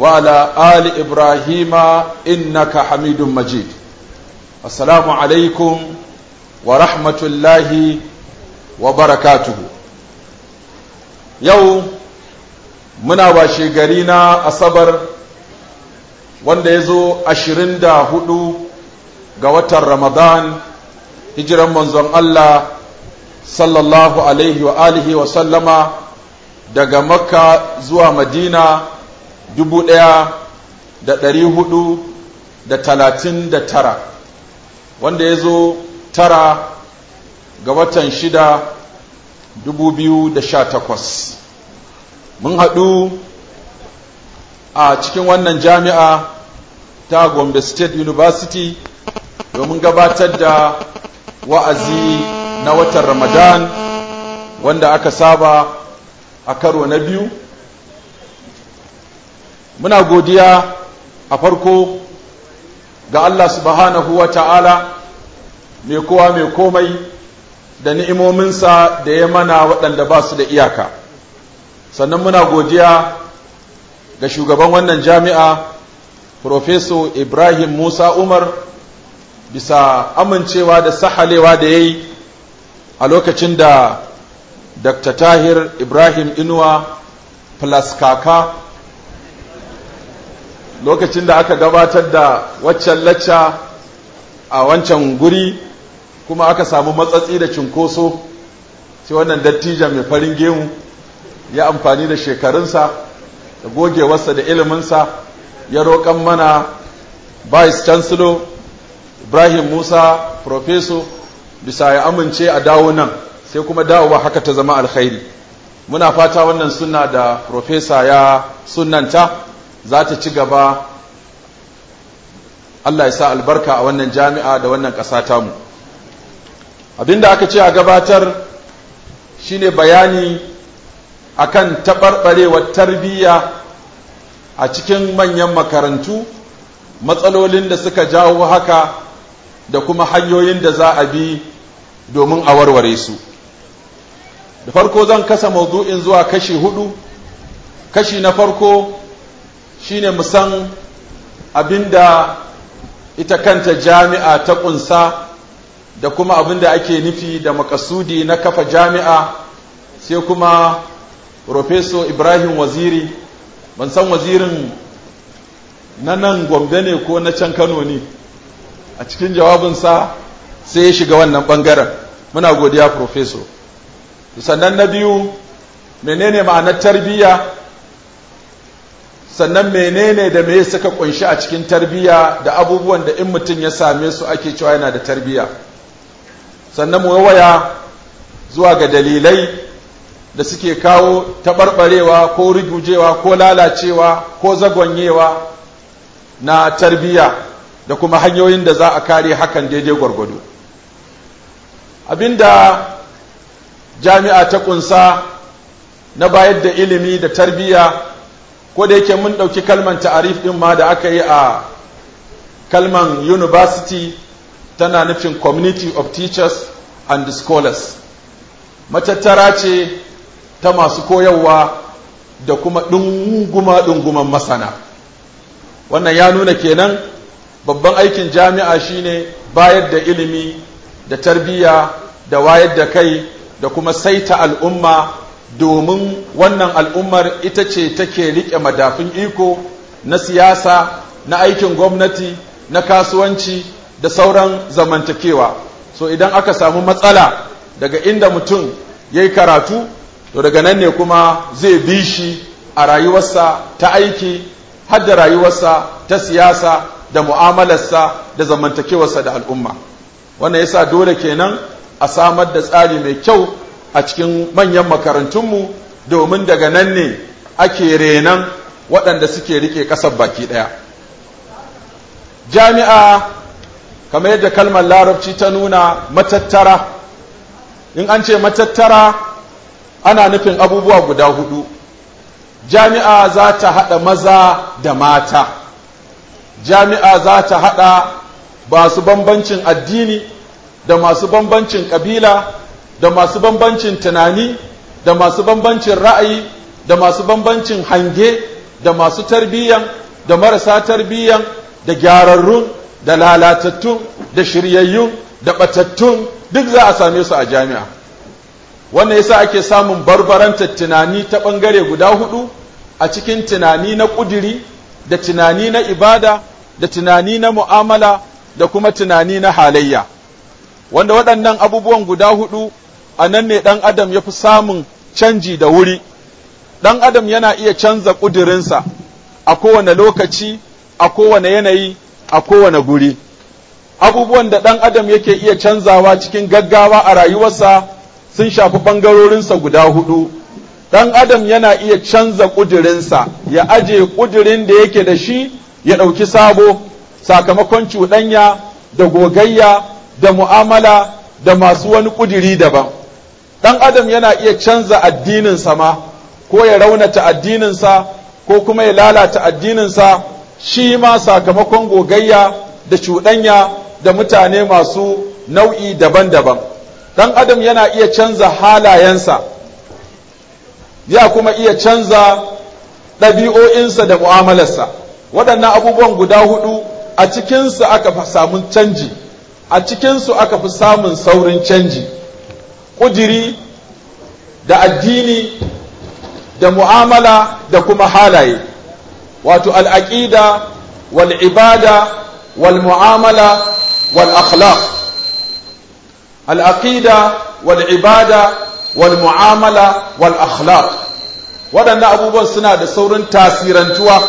وعلى آل إبراهيم إنك حميد مجيد السلام عليكم ورحمة الله وبركاته يوم gari na Asabar wanda ya zo ashirin da hudu ga watan ramadan hijiran manzon Allah sallallahu alaihi wa alihi wa sallama daga makka zuwa madina dubu ɗaya da ɗari huɗu da talatin da tara wanda ya zo tara ga watan shida dubu biyu da sha takwas mun haɗu a cikin wannan jami'a ta gombe state university domin gabatar da wa'azi na watan ramadan wanda aka saba a karo na biyu muna godiya a farko ga Allah subhanahu wa ta'ala mai kowa mai komai da ni'imominsa da ya mana waɗanda ba su da iyaka sannan muna godiya ga shugaban wannan jami'a Profeso Ibrahim Musa Umar bisa amincewa da sahalewa da ya yi a lokacin da Dr. Tahir Ibrahim Inuwa plus lokacin da aka gabatar da waccan lacca a wancan guri kuma aka samu matsatsi da cinkoso sai wannan dattijan mai farin gemu ya amfani da shekarunsa da gogewarsa da iliminsa ya roƙan mana vice chancellor ibrahim musa professor bisa ya amince a dawo nan sai kuma dawowa haka ta zama alkhairi muna fata wannan suna da profesa ya sunanta za ta ci gaba Allah ya sa albarka a wannan jami'a da wannan ƙasa tamu abinda aka ce a gabatar shine bayani a kan taɓarɓarewar tarbiyya a cikin manyan makarantu matsalolin da suka jawo haka da kuma hanyoyin da za a bi domin a warware su da farko zan kasa mazu'in zuwa kashi hudu kashi na farko shine mu san abinda ita kanta jami'a ta kunsa da kuma abin da ake nufi da makasudi na kafa jami'a sai kuma profeso ibrahim waziri ban san wazirin na nan gombe ne ko na can kano ne a cikin jawabinsa sai ya shiga wannan bangaren muna godiya profeso sannan na biyu menene ma'anar tarbiyya sannan menene da me suka kunshi a cikin tarbiyya da abubuwan da in mutum ya same su ake cewa yana da tarbiyya sannan mu waya zuwa ga dalilai da suke kawo taɓarɓarewa ko rugujewa ko lalacewa ko zagonyewa na tarbiyya da kuma hanyoyin da za a kare hakan daidai gwargwado abinda jami'a ta kunsa na bayar da ilimi da tarbiyya ko da yake mun ɗauki kalman ta'arif ɗin ma da aka yi a kalman university tana nufin community of teachers and scholars matattara ce ta masu koyarwa da kuma ɗunguma-ɗunguman masana wannan ya nuna kenan babban aikin jami'a shine bayar da ilimi da tarbiyya da wayar da kai da kuma saita al'umma domin wannan al'ummar ita ce take riƙe madafin iko na siyasa na aikin gwamnati na kasuwanci da sauran zamantakewa so idan aka samu matsala daga inda mutum ya yi karatu to daga nan ne kuma zai bi shi a rayuwarsa ta aiki har rayuwarsa ta siyasa da mu'amalarsa da zamantakewarsa da al'umma wannan yasa dole kenan a samar da tsari mai kyau a cikin manyan makarantunmu domin daga nan ne ake renan waɗanda suke rike ƙasar baki ɗaya jami'a kamar yadda kalmar larabci ta nuna matattara in an ce matattara ana nufin abubuwa guda hudu jami'a za ta haɗa maza da mata jami'a za ta haɗa masu bambancin addini da masu bambancin ƙabila da masu bambancin tunani da masu bambancin ra'ayi da masu bambancin hange da masu tarbiyyan da marasa tarbiyyan da gyararrun da lalatattun da shiryayyun da batattun duk za a same su a jami'a wannan yasa ake samun barbaranta tunani ta bangare guda hudu a cikin tunani na ƙudiri da tunani na ibada da tunani na mu'amala da kuma tunani na halayya wanda waɗannan abubuwan guda hudu a nan ne ɗan adam ya fi samun canji da wuri ɗan adam yana iya canza ƙudurinsa a kowane lokaci a kowane yanayi a kowane guri abubuwan da ɗan adam yake iya canzawa cikin gaggawa a rayuwarsa sun shafi ɓangarorinsa guda hudu ɗan adam yana iya canza ƙudurinsa ya aje ƙudurin da yake da shi ya ɗauki sabo sakamakon cuɗanya da gogayya da mu'amala da masu wani ƙuduri daban dan adam yana iya canza addininsa ma ko ya raunata addininsa ko kuma ya lalata addininsa shi ma sakamakon gogayya da cuɗanya da mutane masu nau'i daban-daban dan adam yana iya canza halayensa ya kuma iya canza ɗabi'o'insa da mu'amalarsa waɗannan abubuwan guda hudu a cikinsu aka fi samun canji a cikinsu aka fi samun saurin canji ƙudiri da addini da mu'amala da kuma halaye wato al'aƙida wal'ibada wal'mu'amala wal'akhlaq al'aƙida wal'ibada wal'mu'amala wal'akhlaq waɗannan abubuwan suna da saurin tasirantuwa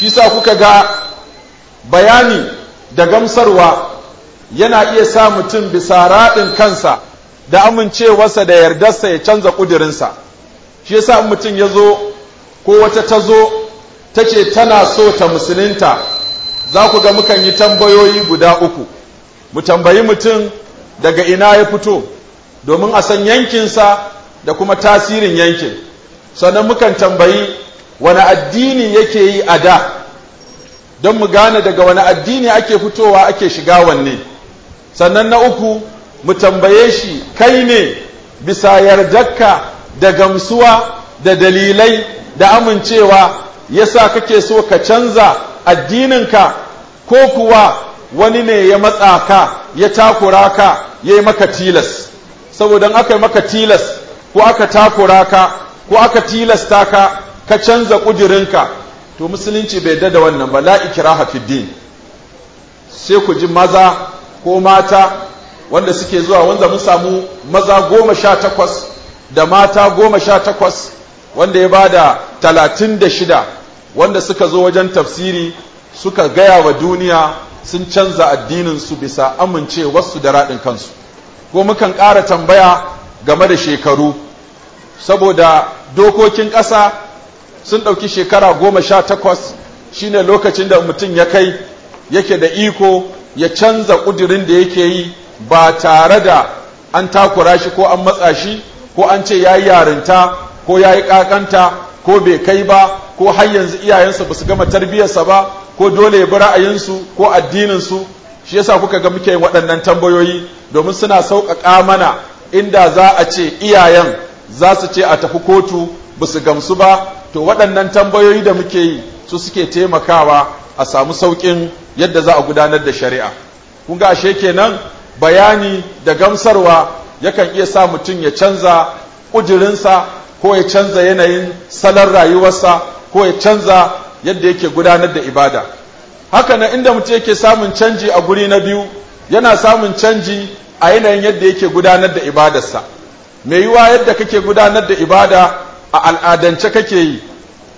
shi sa kuka ga bayani da gamsarwa yana iya sa mutum bisa raɗin kansa da amincewarsa da yardarsa ya canza ƙudurinsa shi yasa in mutum ya zo ko wata ta zo ta ce tana so ta musulunta za ku ga mukan yi tambayoyi guda uku mu tambayi mutum daga ina ya fito domin a san yankinsa da kuma tasirin yankin sannan mukan tambayi wani addini yake yi a da don mu gane daga wani addini ake fitowa ake shiga wanne sannan na uku mu tambaye shi kai ne bisa yardarka da gamsuwa da dalilai da amincewa yasa kake so ka canza addininka ko kuwa wani ne ya matsa ka ya takura ka ya yi maka tilas saboda aka yi maka tilas ko aka takura ka ko aka tilasta ka ka canza ƙudurinka to musulunci bai da wannan ba la ikiraha fi din sai ku ji maza ko mata wanda suke zuwa wanda mun samu maza goma sha takwas da mata goma sha takwas wanda ya bada talatin da shida wanda suka zo wajen tafsiri suka gaya wa duniya sun canza addininsu bisa amincewarsu da raɗin kansu ko mukan ƙara tambaya game da shekaru saboda dokokin ƙasa sun ɗauki shekara goma sha takwas shine lokacin da mutum ya kai yake da iko ya canza ƙudurin da yake yi ba tare da an takura shi ko an matsa shi ko an ce ya yi yarinta ko ya yi ƙaƙanta ko bai kai ba ko har yanzu iyayensa ba su gama tarbiyyarsa ba ko dole ya bi ra'ayinsu ko addininsu shi yasa kuka ga muke waɗannan tambayoyi domin suna sauƙaƙa mana inda za a ce iyayen za su ce a tafi kotu ba su gamsu ba to waɗannan tambayoyi da muke yi su suke taimakawa a samu sauƙin yadda za a gudanar da shari'a kun ga ashe kenan bayani da gamsarwa yakan iya sa mutum ya canza ƙujirinsa ko ya canza yanayin salon rayuwarsa ko ya canza yadda yake gudanar da ibada haka na inda mutum yake samun canji a guri na biyu yana samun canji a yanayin yadda yake gudanar da ibadarsa mai yiwa yadda kake gudanar da ibada a al'adance kake yi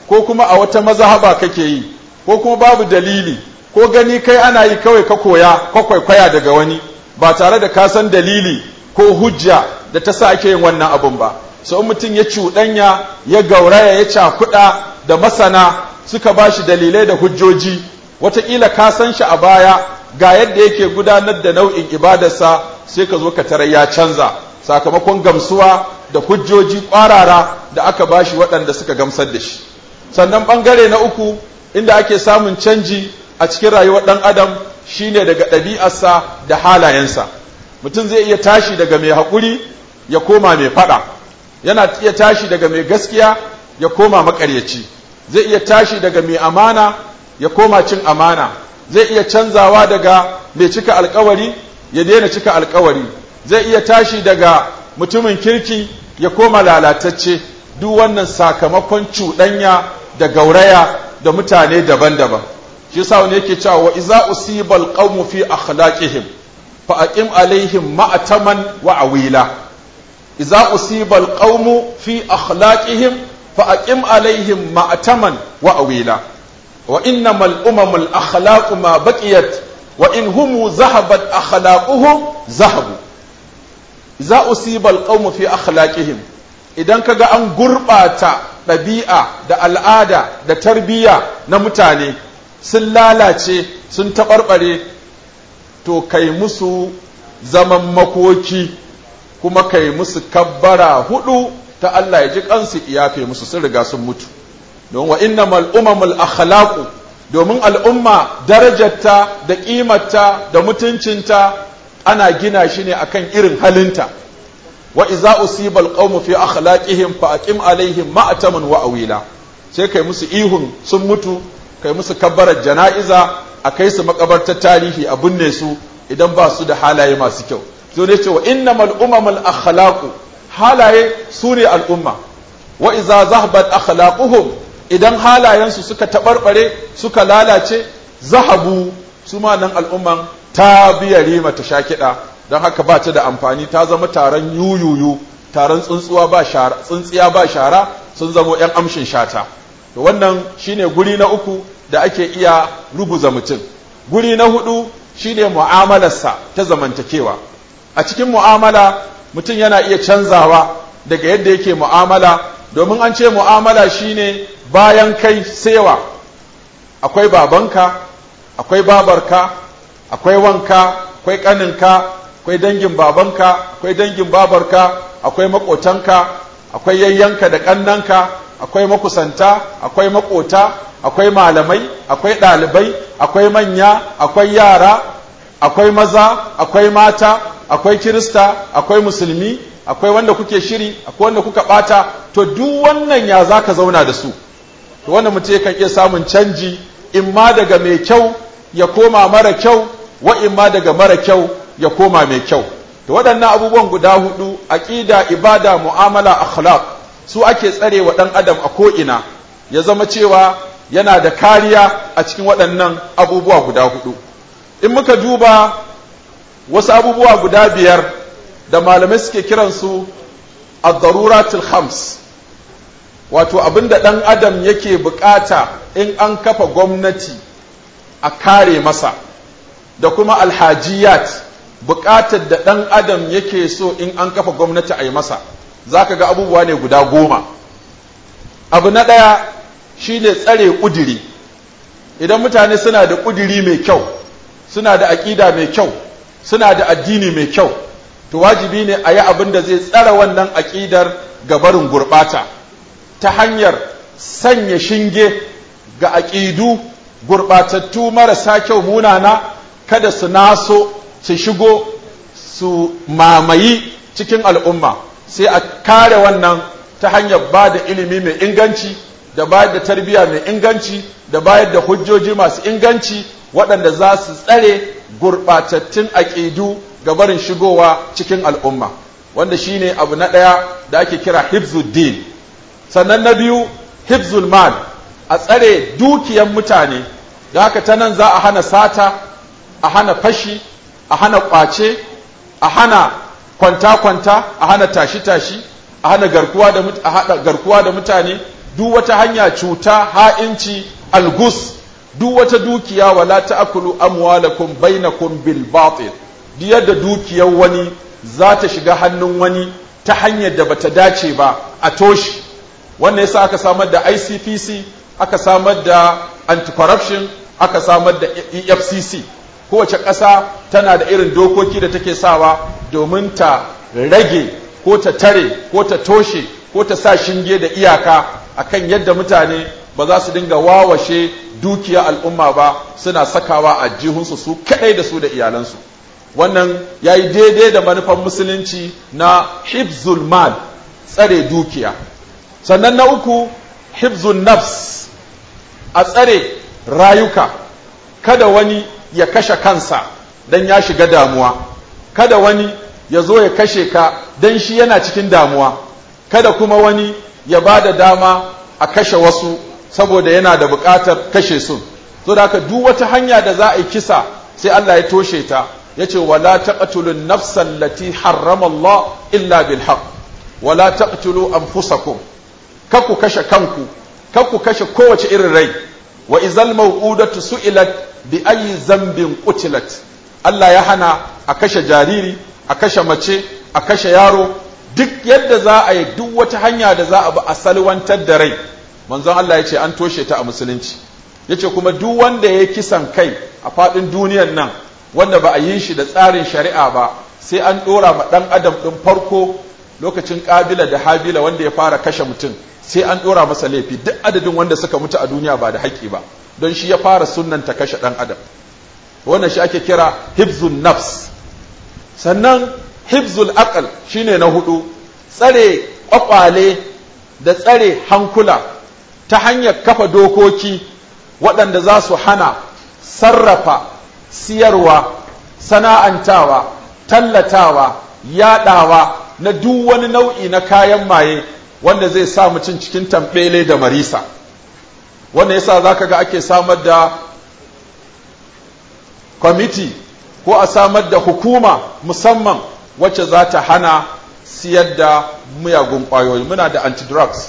ko kuma a wata mazahaba kake yi ko kuma babu dalili ko gani kai ana yi kawai ka koya kwaikwaya daga wani ba tare da kasan dalili ko hujja da ta sake yin wannan abun ba so in mutum ya cuɗanya ya gauraya ya cakuɗa da masana suka ba shi dalilai da hujjoji wataƙila ka san shi a baya ga yadda yake gudanar da nau'in ibadarsa sai ka zo ka tarar ya canza sakamakon gamsuwa da hujjoji ƙwarara da aka ba shi waɗanda suka gamsar da shi sannan ɓangare na uku inda ake samun canji a cikin rayuwar ɗan adam Shi ne daga ɗabi'arsa da halayensa mutum zai iya tashi daga mai haƙuri ya koma mai faɗa yana iya tashi daga mai gaskiya ya koma maƙaryaci zai iya tashi daga mai amana ya koma cin amana zai iya canzawa daga mai cika alkawari ya daina cika alkawari zai iya tashi daga mutumin kirki ya koma lalatacce duk wannan sakamakon cuɗanya da gauraya da mutane daban-daban shi sa wani yake cewa wa iza usibal qawmu fi akhlaqihim fa aqim alaihim ma'taman wa awila iza usibal qawmu fi akhlaqihim fa aqim alaihim ma'taman wa awila wa innamal umamul akhlaqu ma baqiyat wa in hum zahabat akhlaquhum zahabu iza usibal qawmu fi akhlaqihim idan kaga an gurbata ɗabi'a da al'ada da tarbiyya na mutane sun lalace sun taɓarɓare to kai musu zaman makoki kuma kai musu kabbara hudu ta Allah ya ji kansu iyafe musu sun riga sun mutu don wa innamal umamul akhlaqu domin al'umma darajarta da ƙimarta da mutuncinta ana gina shi ne akan irin halinta wa iza usibal qawmu fi akhlaqihim fa aqim alaihim ma'ataman wa awila sai kai musu ihun sun mutu kai musu kabbarar jana'iza a kai su makabartar tarihi a binne su idan ba su da halaye masu kyau zo ne cewa innamal mal akhlaqu halaye su ne al'umma wa iza zahabat akhlaquhum idan su suka taɓarɓare suka lalace zahabu su ma nan al'umman ta biya rima ta kiɗa don haka ba ta da amfani ta zama taron yuyuyu taron tsuntsuwa ba shara tsuntsiya ba shara sun zamo yan amshin shata to wannan shine guri na uku da ake iya rubuza mutum guri na hudu shine mu'amalarsa ta zamantakewa a cikin mu'amala mutum yana iya canzawa daga yadda yake mu'amala domin an ce mu'amala shine bayan kai sewa akwai babanka akwai babarka akwai wanka akwai kaninka akwai dangin babanka akwai dangin babarka akwai makotanka akwai yayyanka da kannanka akwai makusanta akwai makota akwai malamai akwai ɗalibai akwai manya akwai yara akwai maza akwai mata akwai kirista akwai musulmi akwai wanda kuke shiri akwai wanda kuka ɓata to duk wannan ya zaka zauna da su to wannan mutum kan iya samun canji in ma daga mai kyau ya koma mara kyau wa in ma daga mara kyau ya koma mai kyau to waɗannan abubuwan guda hudu aƙida ibada mu'amala akhlaq su ake tsare wa ɗan adam a ko'ina ya zama cewa yana da kariya a cikin waɗannan abubuwa guda hudu in muka duba wasu abubuwa guda biyar da malamai suke kiransu a daruratul hams wato abin da ɗan adam yake bukata in an kafa gwamnati a kare masa da kuma alhajiyat bukatar da ɗan adam yake so in an kafa gwamnati a yi masa za ka ga abubuwa ne guda goma abu na ɗaya shi ne tsare ƙudiri idan mutane suna da ƙudiri mai kyau suna da aƙida mai kyau suna da addini mai kyau to wajibi ne a yi abin da zai tsara wannan aƙidar gabarin gurɓata ta hanyar sanya shinge ga aƙidu gurɓatattu marasa kyau munana kada su naso su shigo su mamayi cikin al'umma sai a kare wannan ta hanyar ba da ilimi mai inganci da bayar da tarbiyya mai inganci da bayar da hujjoji masu inganci waɗanda za su tsare gurɓatattun aƙidu ga barin shigowa cikin al'umma wanda shi ne abu na ɗaya da ake kira hibzuddin sannan na biyu hibzul mal a tsare dukiyan mutane da haka ta nan za a hana sata a hana fashi a hana ƙwace a hana kwanta-kwanta a hana tashi-tashi a hana garkuwa da mutane duk wata hanya cuta ha'inci algus duk wata dukiya wala ta'kulu amwalakum bainakum bil batil duk yadda dukiyar wani za ta shiga hannun wani ta hanyar da bata dace ba a toshi wannan yasa aka samar da ICPC aka samar da anti corruption aka samar da EFCC kowace ƙasa tana da irin dokoki da take sawa domin ta rage ko ta tare ko ta toshe ko ta sa shinge da iyaka a kan yadda mutane ba za su dinga wawashe dukiya al'umma ba suna sakawa a jihunsu su kaɗai da su da iyalansu wannan ya yi daidai da manufan musulunci na hibzul mal tsare dukiya sannan na uku hibzul nafs a tsare rayuka kada wani ya kashe kansa don ya shiga damuwa kada wani ya zo ya kashe ka don shi yana cikin damuwa kada kuma wani ya ba da dama a kashe wasu saboda yana da buƙatar kashe su so da haka duk wata hanya da za a yi kisa sai Allah ya toshe ta ya ce wala taqtulun nafsan lati harrama Allah illa bil haqq wala taqtulu anfusakum kaku kashe kanku kaku kashe kowace irin rai wa izal maw'udatu su'ilat bi ayi zambin qutilat Allah ya hana a kashe jariri a kashe mace a kashe yaro duk yadda za a yi duk wata hanya da za a bi asalwantar da rai manzon Allah ya ce an toshe ta a musulunci yace kuma duk wanda ya kisan kai a faɗin duniyar nan wanda ba a yi shi da tsarin shari'a ba sai an ɗora ma ɗan adam ɗin farko lokacin ƙabila da habila wanda ya fara kashe mutum sai an ɗora masa laifi duk adadin wanda suka mutu a duniya ba da haƙƙi ba don shi ya fara sunan ta kashe ɗan adam wannan shi ake kira hibzun nafs sannan hibzul aqal shine na hudu tsare kwakwale da tsare hankula ta hanyar kafa dokoki waɗanda za su hana sarrafa siyarwa sana'antawa tallatawa yaɗawa na duk wani nau'i na kayan maye wanda zai sa mutum cikin tambele da marisa wanda yasa za ka ga ake samar da kwamiti ko a samar da hukuma musamman wacce za ta hana siyar da miyagun ƙwayoyi muna da antidrugs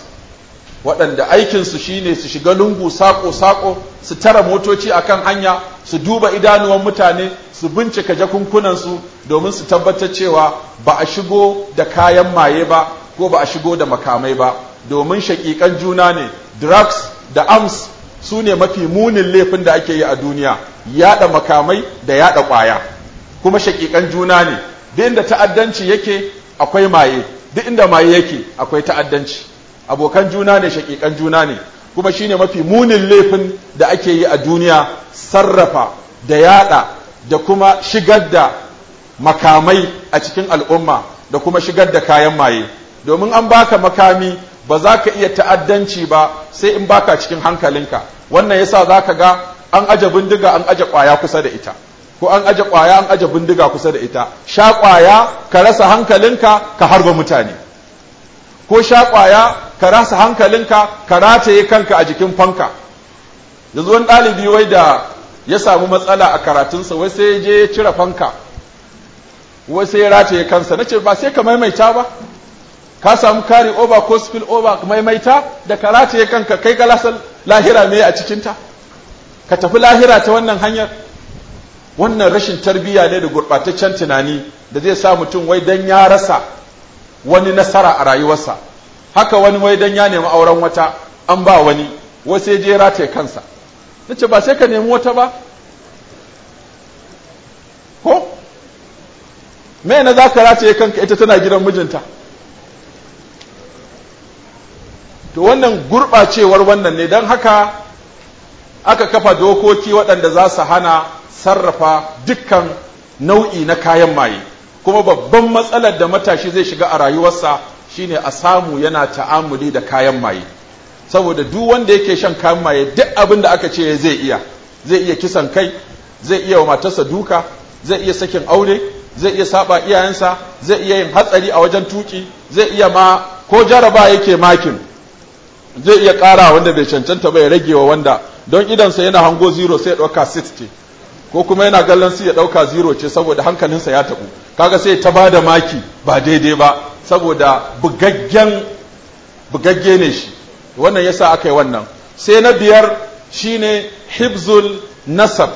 waɗanda aikinsu shine su shiga lungu sako-sako su tara motoci a kan hanya su duba idanuwan mutane su bincika jakunkunansu domin su tabbatar cewa ba a shigo da kayan maye ba ko ba a shigo da makamai ba domin shakikan juna ne drugs da arms su ne mafi munin laifin da ake yi a duniya yada makamai da yada kwaya kuma shakikan juna ne duk inda ta'addanci yake akwai maye duk inda maye yake akwai ta'addanci abokan juna ne shakikan juna ne kuma shine mafi munin laifin da ake yi a duniya sarrafa da yada da kuma shigar da makamai a cikin al'umma da kuma shigar da kayan maye domin an baka makami ba za ka iya ta'addanci ba sai in baka cikin hankalinka wannan yasa za ka ga an aje bindiga an aje kwaya kusa da ita ko an aje kwaya an aje bindiga kusa da ita sha kwaya ka rasa hankalinka ka harba mutane ko sha kwaya ka rasa hankalinka ka rataye kanka a jikin fanka yanzu wani ɗalibi wai da ya samu matsala a karatunsa wai sai je ya cire fanka wai sai ya rataye kansa na ce ba sai ka maimaita ba ka samu kari over ko spill over maimaita da ya kanka kai ga lasal lahira me a cikinta ka tafi lahira ta wannan hanyar wannan rashin tarbiyya ne da gurɓataccen tunani da zai sa mutum wai dan ya rasa wani nasara a rayuwarsa haka wani wai dan ya nemi auren wata an ba wani wai ya je rataye kansa nace ba sai ka nemi wata ba ko me na za ka rataye kanka ita tana gidan mijinta to wannan gurɓacewar wannan ne don haka aka kafa dokoki waɗanda za su hana sarrafa dukkan nau'i na kayan maye kuma babban matsalar da matashi zai shiga a rayuwarsa shine a samu yana ta'amuli da kayan maye saboda duk wanda yake shan kayan maye duk abin da aka ce zai iya zai iya kisan kai zai iya wa matarsa duka zai iya sakin aure zai iya saba iyayensa zai iya yin hatsari a wajen tuki zai iya ma ko jaraba yake makin zai iya ƙara wanda bai cancanta ya rage wa wanda don idansa yana hango zero sai ya ɗauka 60 ko kuma yana gallon sai ya ɗauka zero ce saboda hankalinsa ya taɓu kaga sai ta ba da maki ba daidai ba saboda bugaggen bugagge ne shi wannan yasa aka yi wannan sai na biyar shine hibzul nasab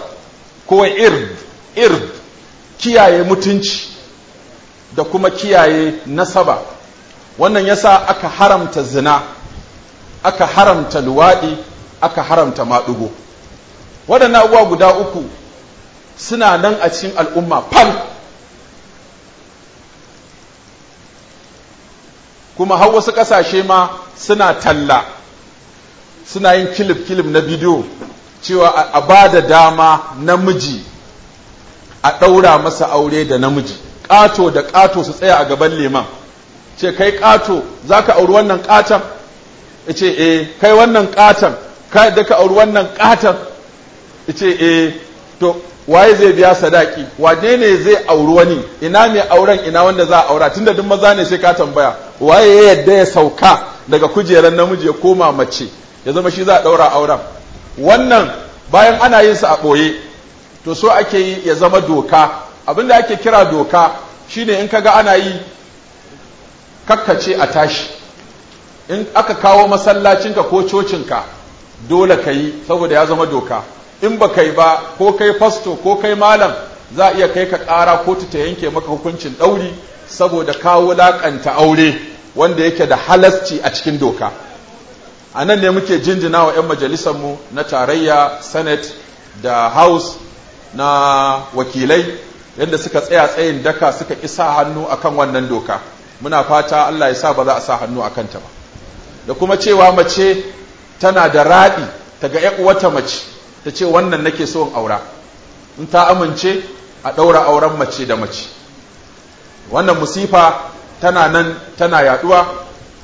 ko ird ird kiyaye mutunci da kuma kiyaye nasaba wannan yasa aka haramta zina aka haramta luwaɗi aka haramta maɗugo waɗannan abubuwa guda uku suna nan a cikin al'umma fal kuma har wasu ƙasashe ma suna talla suna yin kilif-kilif na bidiyo cewa a ba da dama namiji a ɗaura masa aure da namiji ƙato da ƙato su tsaya a gaban liman ce kai ƙato za ka auri wannan ƙatan ce e, eh, kai wannan katan ka da ka auri wannan katan ce e, eh, to waye zai biya sadaki waje ne zai auri wani ina mai auren ina wanda za a aura tunda duk maza ne sai ka tambaya waye ya yadda ya sauka daga kujerar namiji ya koma mace ya zama shi za a daura auren wannan bayan ana yin sa a boye to so ake yi ya zama doka Abin abinda ake kira doka shine in kaga ana yi kakkace a tashi in aka kawo masallacinka ko cocinka dole ka yi saboda ya zama doka in ba kai ba ko kai fasto ko kai malam za a iya kai ka ƙara kotu ta yanke maka hukuncin ɗauri saboda kawo laƙanta aure wanda yake da halasci a cikin doka a nan ne muke jinjina wa 'yan majalisarmu na tarayya senate da house na wakilai yadda suka tsaya tsayin daka suka isa hannu akan wannan doka muna fata allah ya sa ba za a sa hannu a kanta ba da kuma cewa mace tana da raɗi ta ga wata mace ta ce wannan nake so aura in ta amince a ɗaura auren mace da mace wannan musifa tana nan tana yaɗuwa.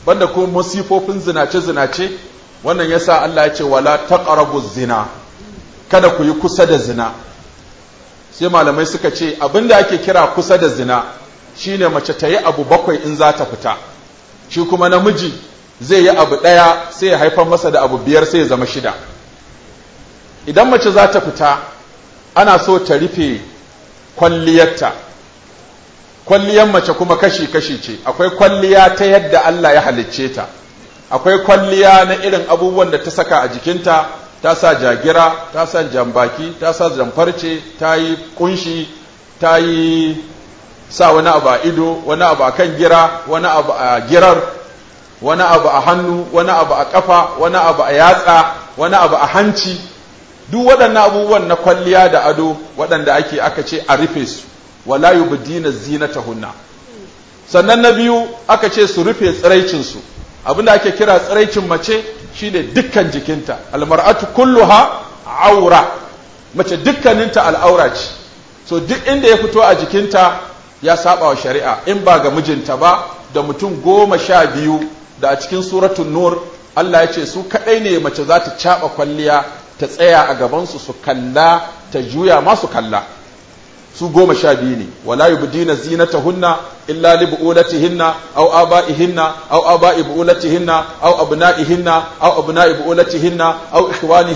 banda kuma musifofin zinace-zinace wannan ya sa Allah ya ce wala taqrabu zina kada ku yi kusa da zina sai malamai suka ce abin da ake kira kusa da zina shine mace ta yi abu bakwai in za ta fita shi kuma namiji zai yi abu ɗaya sai ya haifar masa da abu biyar sai ya zama shida idan mace za ta fita ana so ta rufe kwalliyarta kwalliyar mace kuma kashi-kashi ce akwai kwalliya ta yadda Allah ya halicce ta akwai kwalliya na irin abubuwan da ta saka a jikinta ta sa jagira ta sa jambaki ta sa jamfarce ta yi kunshi ta yi sa wani abu a ido wani abu a kan gira wani abu a girar wani abu a hannu wani abu a kafa wani abu a yatsa wani abu a hanci duk waɗannan abubuwan na kwalliya da ado waɗanda ake aka ce a rufe su wala yubdina hunna sannan na biyu aka ce su rufe tsiraicin su abinda ake kira tsiraicin mace shine dukkan jikinta almar'atu kulluha aura mace dukkaninta al'aura ce so duk inda ya fito a jikinta ya saba wa shari'a in ba ga mijinta ba da mutum goma sha biyu da a cikin suratun nur Allah ya ce su kaɗai ne mace za ta caɓa kwalliya ta tsaya a gabansu su kalla ta juya masu kalla su goma sha biyu ne wala yubdina hunna illa li hinna aw aba'ihinna aw aba'i hinna aw ihinna aw abna'i bu'ulatihinna aw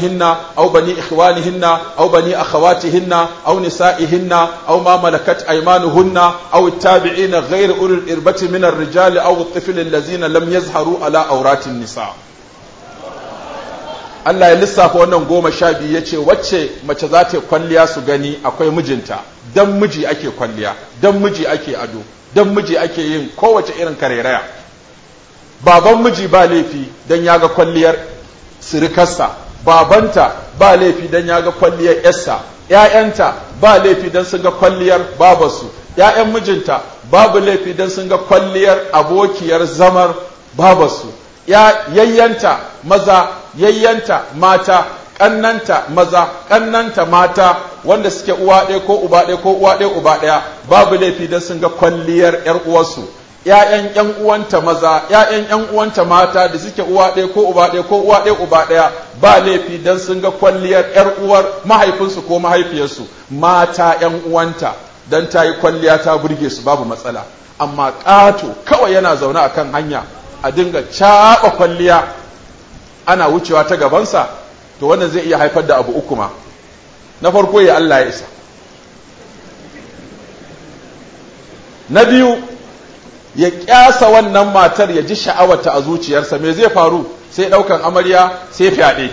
hinna aw bani hinna aw bani hinna aw nisa'ihinna aw ma malakat hunna aw tabiina ghayr ulul irbati min ar-rijali aw at-tifl allazina lam yazharu ala awratin nisa Allah ya lissafa wannan goma sha biyu ya ce wacce mace za ta kwalliya su gani akwai mijinta dan miji ake kwalliya dan miji ake ado dan miji ake yin kowace irin karairaya baban miji ba laifi dan ya ga kwalliyar sirikarsa babanta ba laifi dan ya ga kwalliyar yarsa ƴaƴanta ba laifi dan sun ga kwalliyar babarsu, ƴaƴan mijinta babu laifi dan sun ga kwalliyar abokiyar zamar babarsu, yayyanta maza, yayyanta mata, ƙannanta maza, ƙannanta mata, wanda suke uwa ɗaya ko uba ɗaya ko uwa ɗaya uba ɗaya babu laifi don sun ga kwalliyar ƴar uwarsu ‘ya'yan ‘yan uwanta maza, ‘ya'yan ‘yan uwanta mata da suke uwa ɗaya ko uba ɗaya ko uwa ɗaya uba ɗaya ba laifi don sun ga kwalliyar ‘yar uwar mahaifinsu ko mahaifiyarsu mata ‘yan uwanta don ta yi kwalliya ta burge su babu matsala. Amma ƙato kawai yana zaune a kan hanya a dinga caɓa kwalliya ana wucewa ta gabansa to wannan zai iya haifar da abu uku ma na farko ya Allah ya isa na biyu ya kyasa wannan matar ya ji sha'awata a zuciyarsa me zai faru sai ɗaukan amarya sai fyaɗe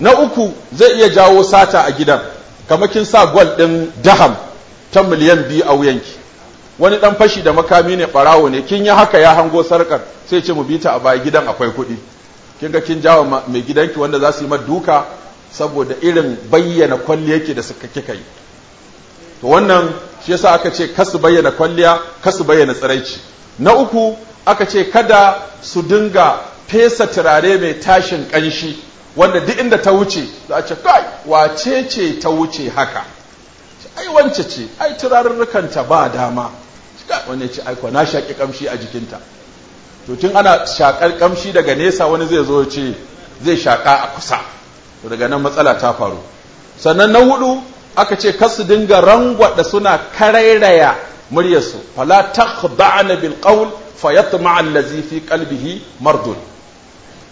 na uku zai iya jawo sata a gidan kamar kin sa gwal ɗin daham ta miliyan biyu a wuyanki wani ɗan fashi da makami ne ɓarawo ne kin yi haka ya hango sarkar sai ce mu bi ta a baya gidan akwai kuɗi kin ga kin jawo mai gidanki wanda za su yi duka saboda irin bayyana kwalliya ke da suka kika yi to wannan shi yasa aka ce kasu bayyana kwalliya kasu bayyana tsiraici na uku aka ce kada su dinga fesa turare mai tashin kanshi wanda duk inda ta wuce za a ce kai wace ce ta wuce haka ai wance ce ai ta ba dama wani ce aiko na shaƙi kamshi a jikinta to tun ana shaƙar kamshi daga nesa wani zai zo ce zai shaƙa a kusa to daga nan matsala ta faru sannan na hudu aka ce kasu dinga rangwada suna karairaya muryarsu fala takhda'na bil qawl fayatma allazi fi qalbihi mardun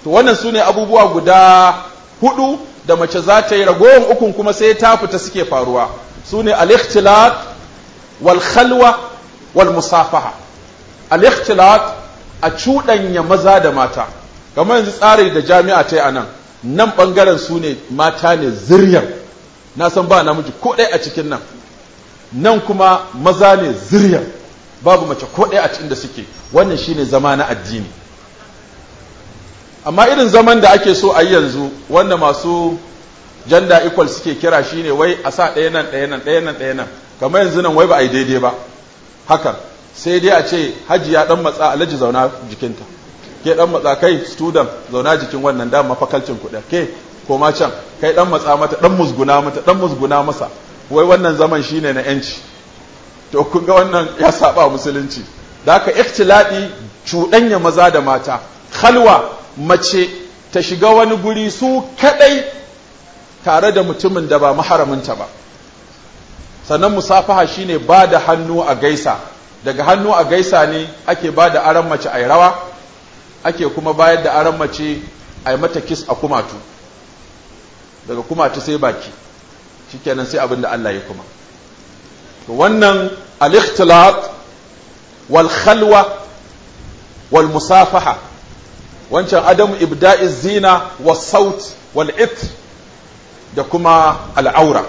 to wannan sune abubuwa guda hudu da mace za ta yi ragowar ukun kuma sai ta fita suke faruwa sune al-ikhtilat wal khalwa wal musafaha al-ikhtilat a cuɗanya maza da mata kamar yanzu tsari da jami'a ta yi a nan nan ɓangaren su ne mata ne ziryar na san ba namiji ko ɗaya a cikin nan nan kuma maza ne ziryar babu mace ko ɗaya a cikin da suke wannan shine zama na addini amma irin zaman da ake so a yi yanzu wanda masu janda equal suke kira shi ne wai a sa ɗaya nan ɗaya nan ɗaya nan ɗaya nan kamar yanzu nan wai ba a yi daidai ba hakan sai dai a ce Hajji ya ɗan matsa alhaji zauna jikinta ke dan matsa kai student zauna jikin wannan da mafakalcin kuɗi ke ma can kai dan matsa mata dan musguna mata dan musguna masa wai wannan zaman shine na yanci to kun ga wannan ya saba musulunci da haka ikhtilati cuɗanya maza da mata khalwa mace ta shiga wani guri su kadai tare da mutumin da ba maharaminta ba sannan musafaha shine ba da hannu a gaisa daga hannu a gaisa ne ake ba da aran mace a rawa ake kuma bayar da aran mace a yi mata kis a kumatu daga kumatu sai baki shikenan sai abin da Allah ya kuma to wannan al-ikhtilat wal khalwa wal musafaha wancan adam ibda'i zina wa saut wal it da kuma al'aura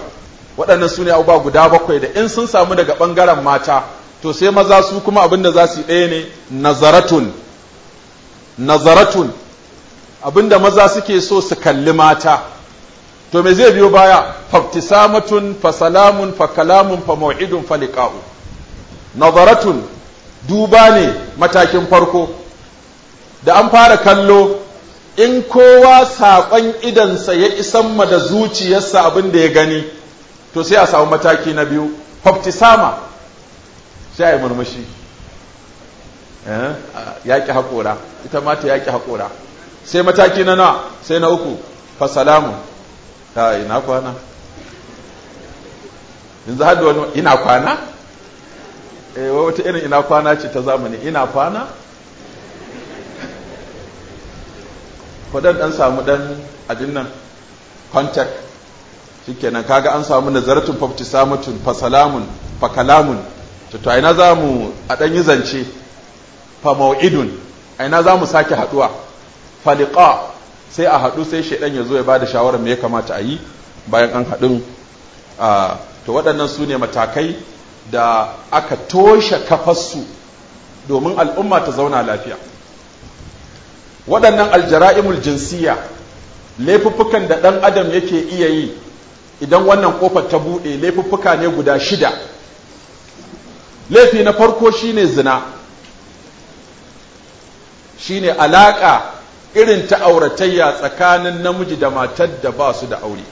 waɗannan su ne abubuwa guda bakwai da in sun samu daga ɓangaren mata to sai maza su kuma abinda da za su yi ɗaya ne nazaratun nazaratun abinda maza suke so su kalli mata to me zai biyo baya faftisamatun fa salamun fa kalamun fa mau'idun fa liqa'u nazaratun duba ne matakin farko da an fara kallo in kowa saƙon idansa ya isan ma da zuciyarsa abin da ya gani to sai a samu mataki na biyu faftisama sai a yi murmushi Eh? yaƙi haƙora ita ma ta yaƙi haƙora sai mataki na nawa sai na uku fa salamu ta ina kwana in za da wani ina kwana eh wata irin ina kwana ce ta zamani ina kwana kudan dan samu dan abin nan contact shikenan kaga an samu nazaratun fa samatun fa salamun fa kalamun to to ina zamu a dan yi zance fa mau'idun aina za mu sake haduwa faliqa sai a hadu sai shaidan ya zo ya bada shawara me ya kamata a yi bayan an haɗu to waɗannan su ne matakai da aka toshe kafarsu domin al'umma ta zauna lafiya waɗannan aljara'imul jinsiya laifuffukan da ɗan adam yake iya yi idan wannan ƙofar ta buɗe laifuffuka ne guda shida laifi na farko shine zina shine alaƙa irin ta auratayya tsakanin namiji da matar da ba su da aure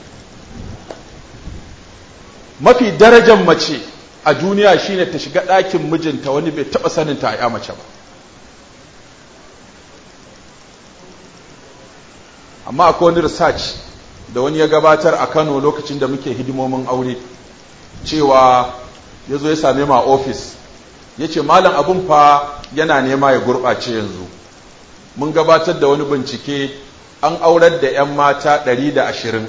mafi darajar mace a duniya shine ta shiga ɗakin mijinta wani bai taɓa saninta a mace ba amma akwai wani research da wani ya gabatar a kano lokacin da muke hidimomin aure cewa ya zo ya same ma ofis ya ce malam abin fa yana nema ya gurɓace yanzu mun gabatar da wani bincike an aurar da 'yan mata 120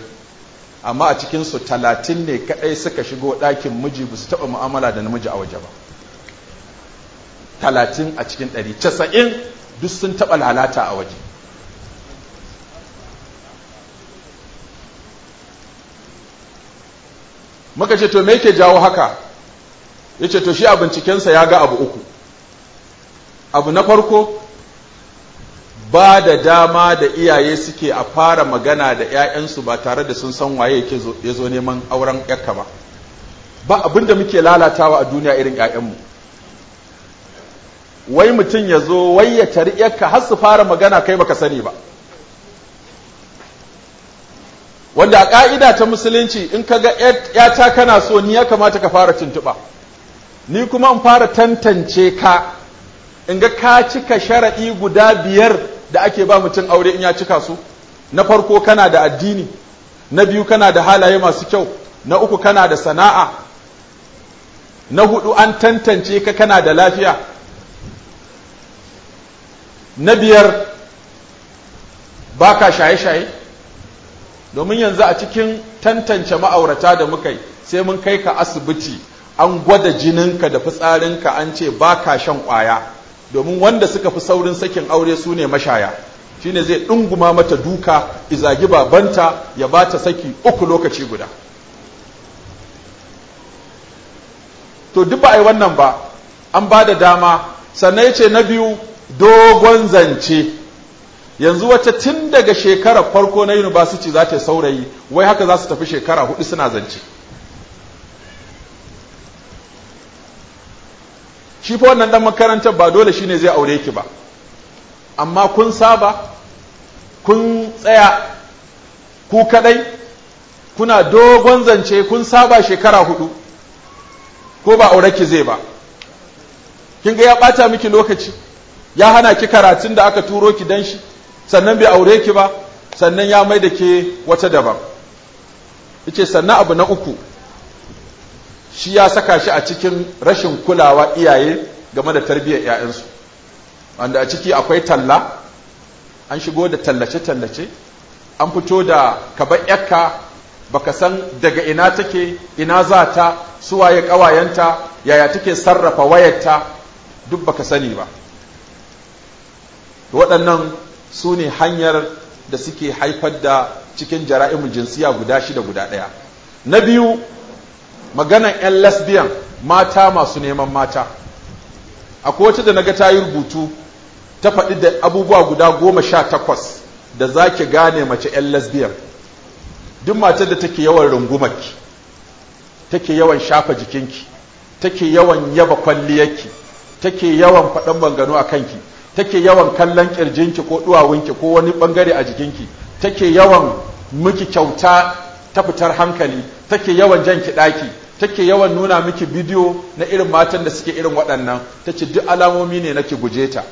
amma a cikinsu 30 ne kaɗai suka shigo ɗakin miji ba su taɓa mu'amala da namiji a waje ba 30 a cikin 100 90 duk sun taɓa lalata a waje muka ce to me yake jawo haka ya ce to shi a bincikensa ya ga abu uku abu na farko ba da dama da iyaye suke a fara magana da 'ya'yansu ba tare da sun san waye ya zo neman auren yarka ba ba abin da muke lalatawa a duniya irin 'ya'yanmu wai mutum ya zo wai ya tari yarka har su fara magana kai baka sani ba wanda a ƙa'ida ta musulunci in ka ga ‘yata kana so ni ya kamata ka fara tuntuɓa ni kuma in fara tantance ka in ga ka cika sharaɗi guda biyar da ake ba mutum aure in ya cika su na farko kana da addini na biyu kana da halaye masu kyau na uku kana da sana'a na hudu an tantance ka kana da lafiya na biyar baka shaye-shaye domin yanzu a cikin tantance ma'aurata da muka yi sai mun kai ka asibiti an gwada jininka da fitsarinka an ce baka shan kwaya. domin wanda suka fi saurin sakin aure su ne mashaya shine zai ɗunguma mata duka izagi babanta ya ba ta saki uku lokaci guda to duk ba a yi wannan ba an ba da dama sannan ce na biyu dogon zance yanzu wata tun daga shekarar farko na university za ta saurayi wai haka za su tafi shekara hudu suna zance shi fa wannan dan makarantar ba dole shine zai aure ki ba amma kun saba kun tsaya ku kadai kuna dogon zance kun saba shekara hudu ko ba aure ki zai ba kin ga ya bata miki lokaci ya hana ki karatun da aka turo ki dan shi sannan bai aure ki ba sannan ya mai da ke wata daban yace sannan abu na uku shi ya saka shi a cikin rashin kulawa iyaye game da tarbiyyar 'ya'yansu wanda a ciki akwai talla an shigo da tallace-tallace an fito da kaba yakka baka san daga ina take ina za ta suwaye ƙawayenta yaya take sarrafa wayarta duk baka sani ba waɗannan su ne hanyar da suke haifar da cikin jara'imul jinsiya guda shida guda ɗaya na biyu maganan 'yan lesbian mata masu neman mata a wata da naga ga ta yi rubutu ta faɗi da abubuwa guda goma sha takwas da za ki gane mace 'yan lesbian duk matar da take yawan rungumarki take yawan shafa jikinki take yawan yaba kwalliyarki take yawan faɗan bangano a kanki take yawan kallon ƙirjinki ko ɗuwawunki ko wani ɓangare a jikinki take yawan miki kyauta ta fitar hankali take yawan jan ki ɗaki take yawan nuna miki bidiyo na irin matan da suke irin waɗannan ta ce duk alamomi ne nake guje ta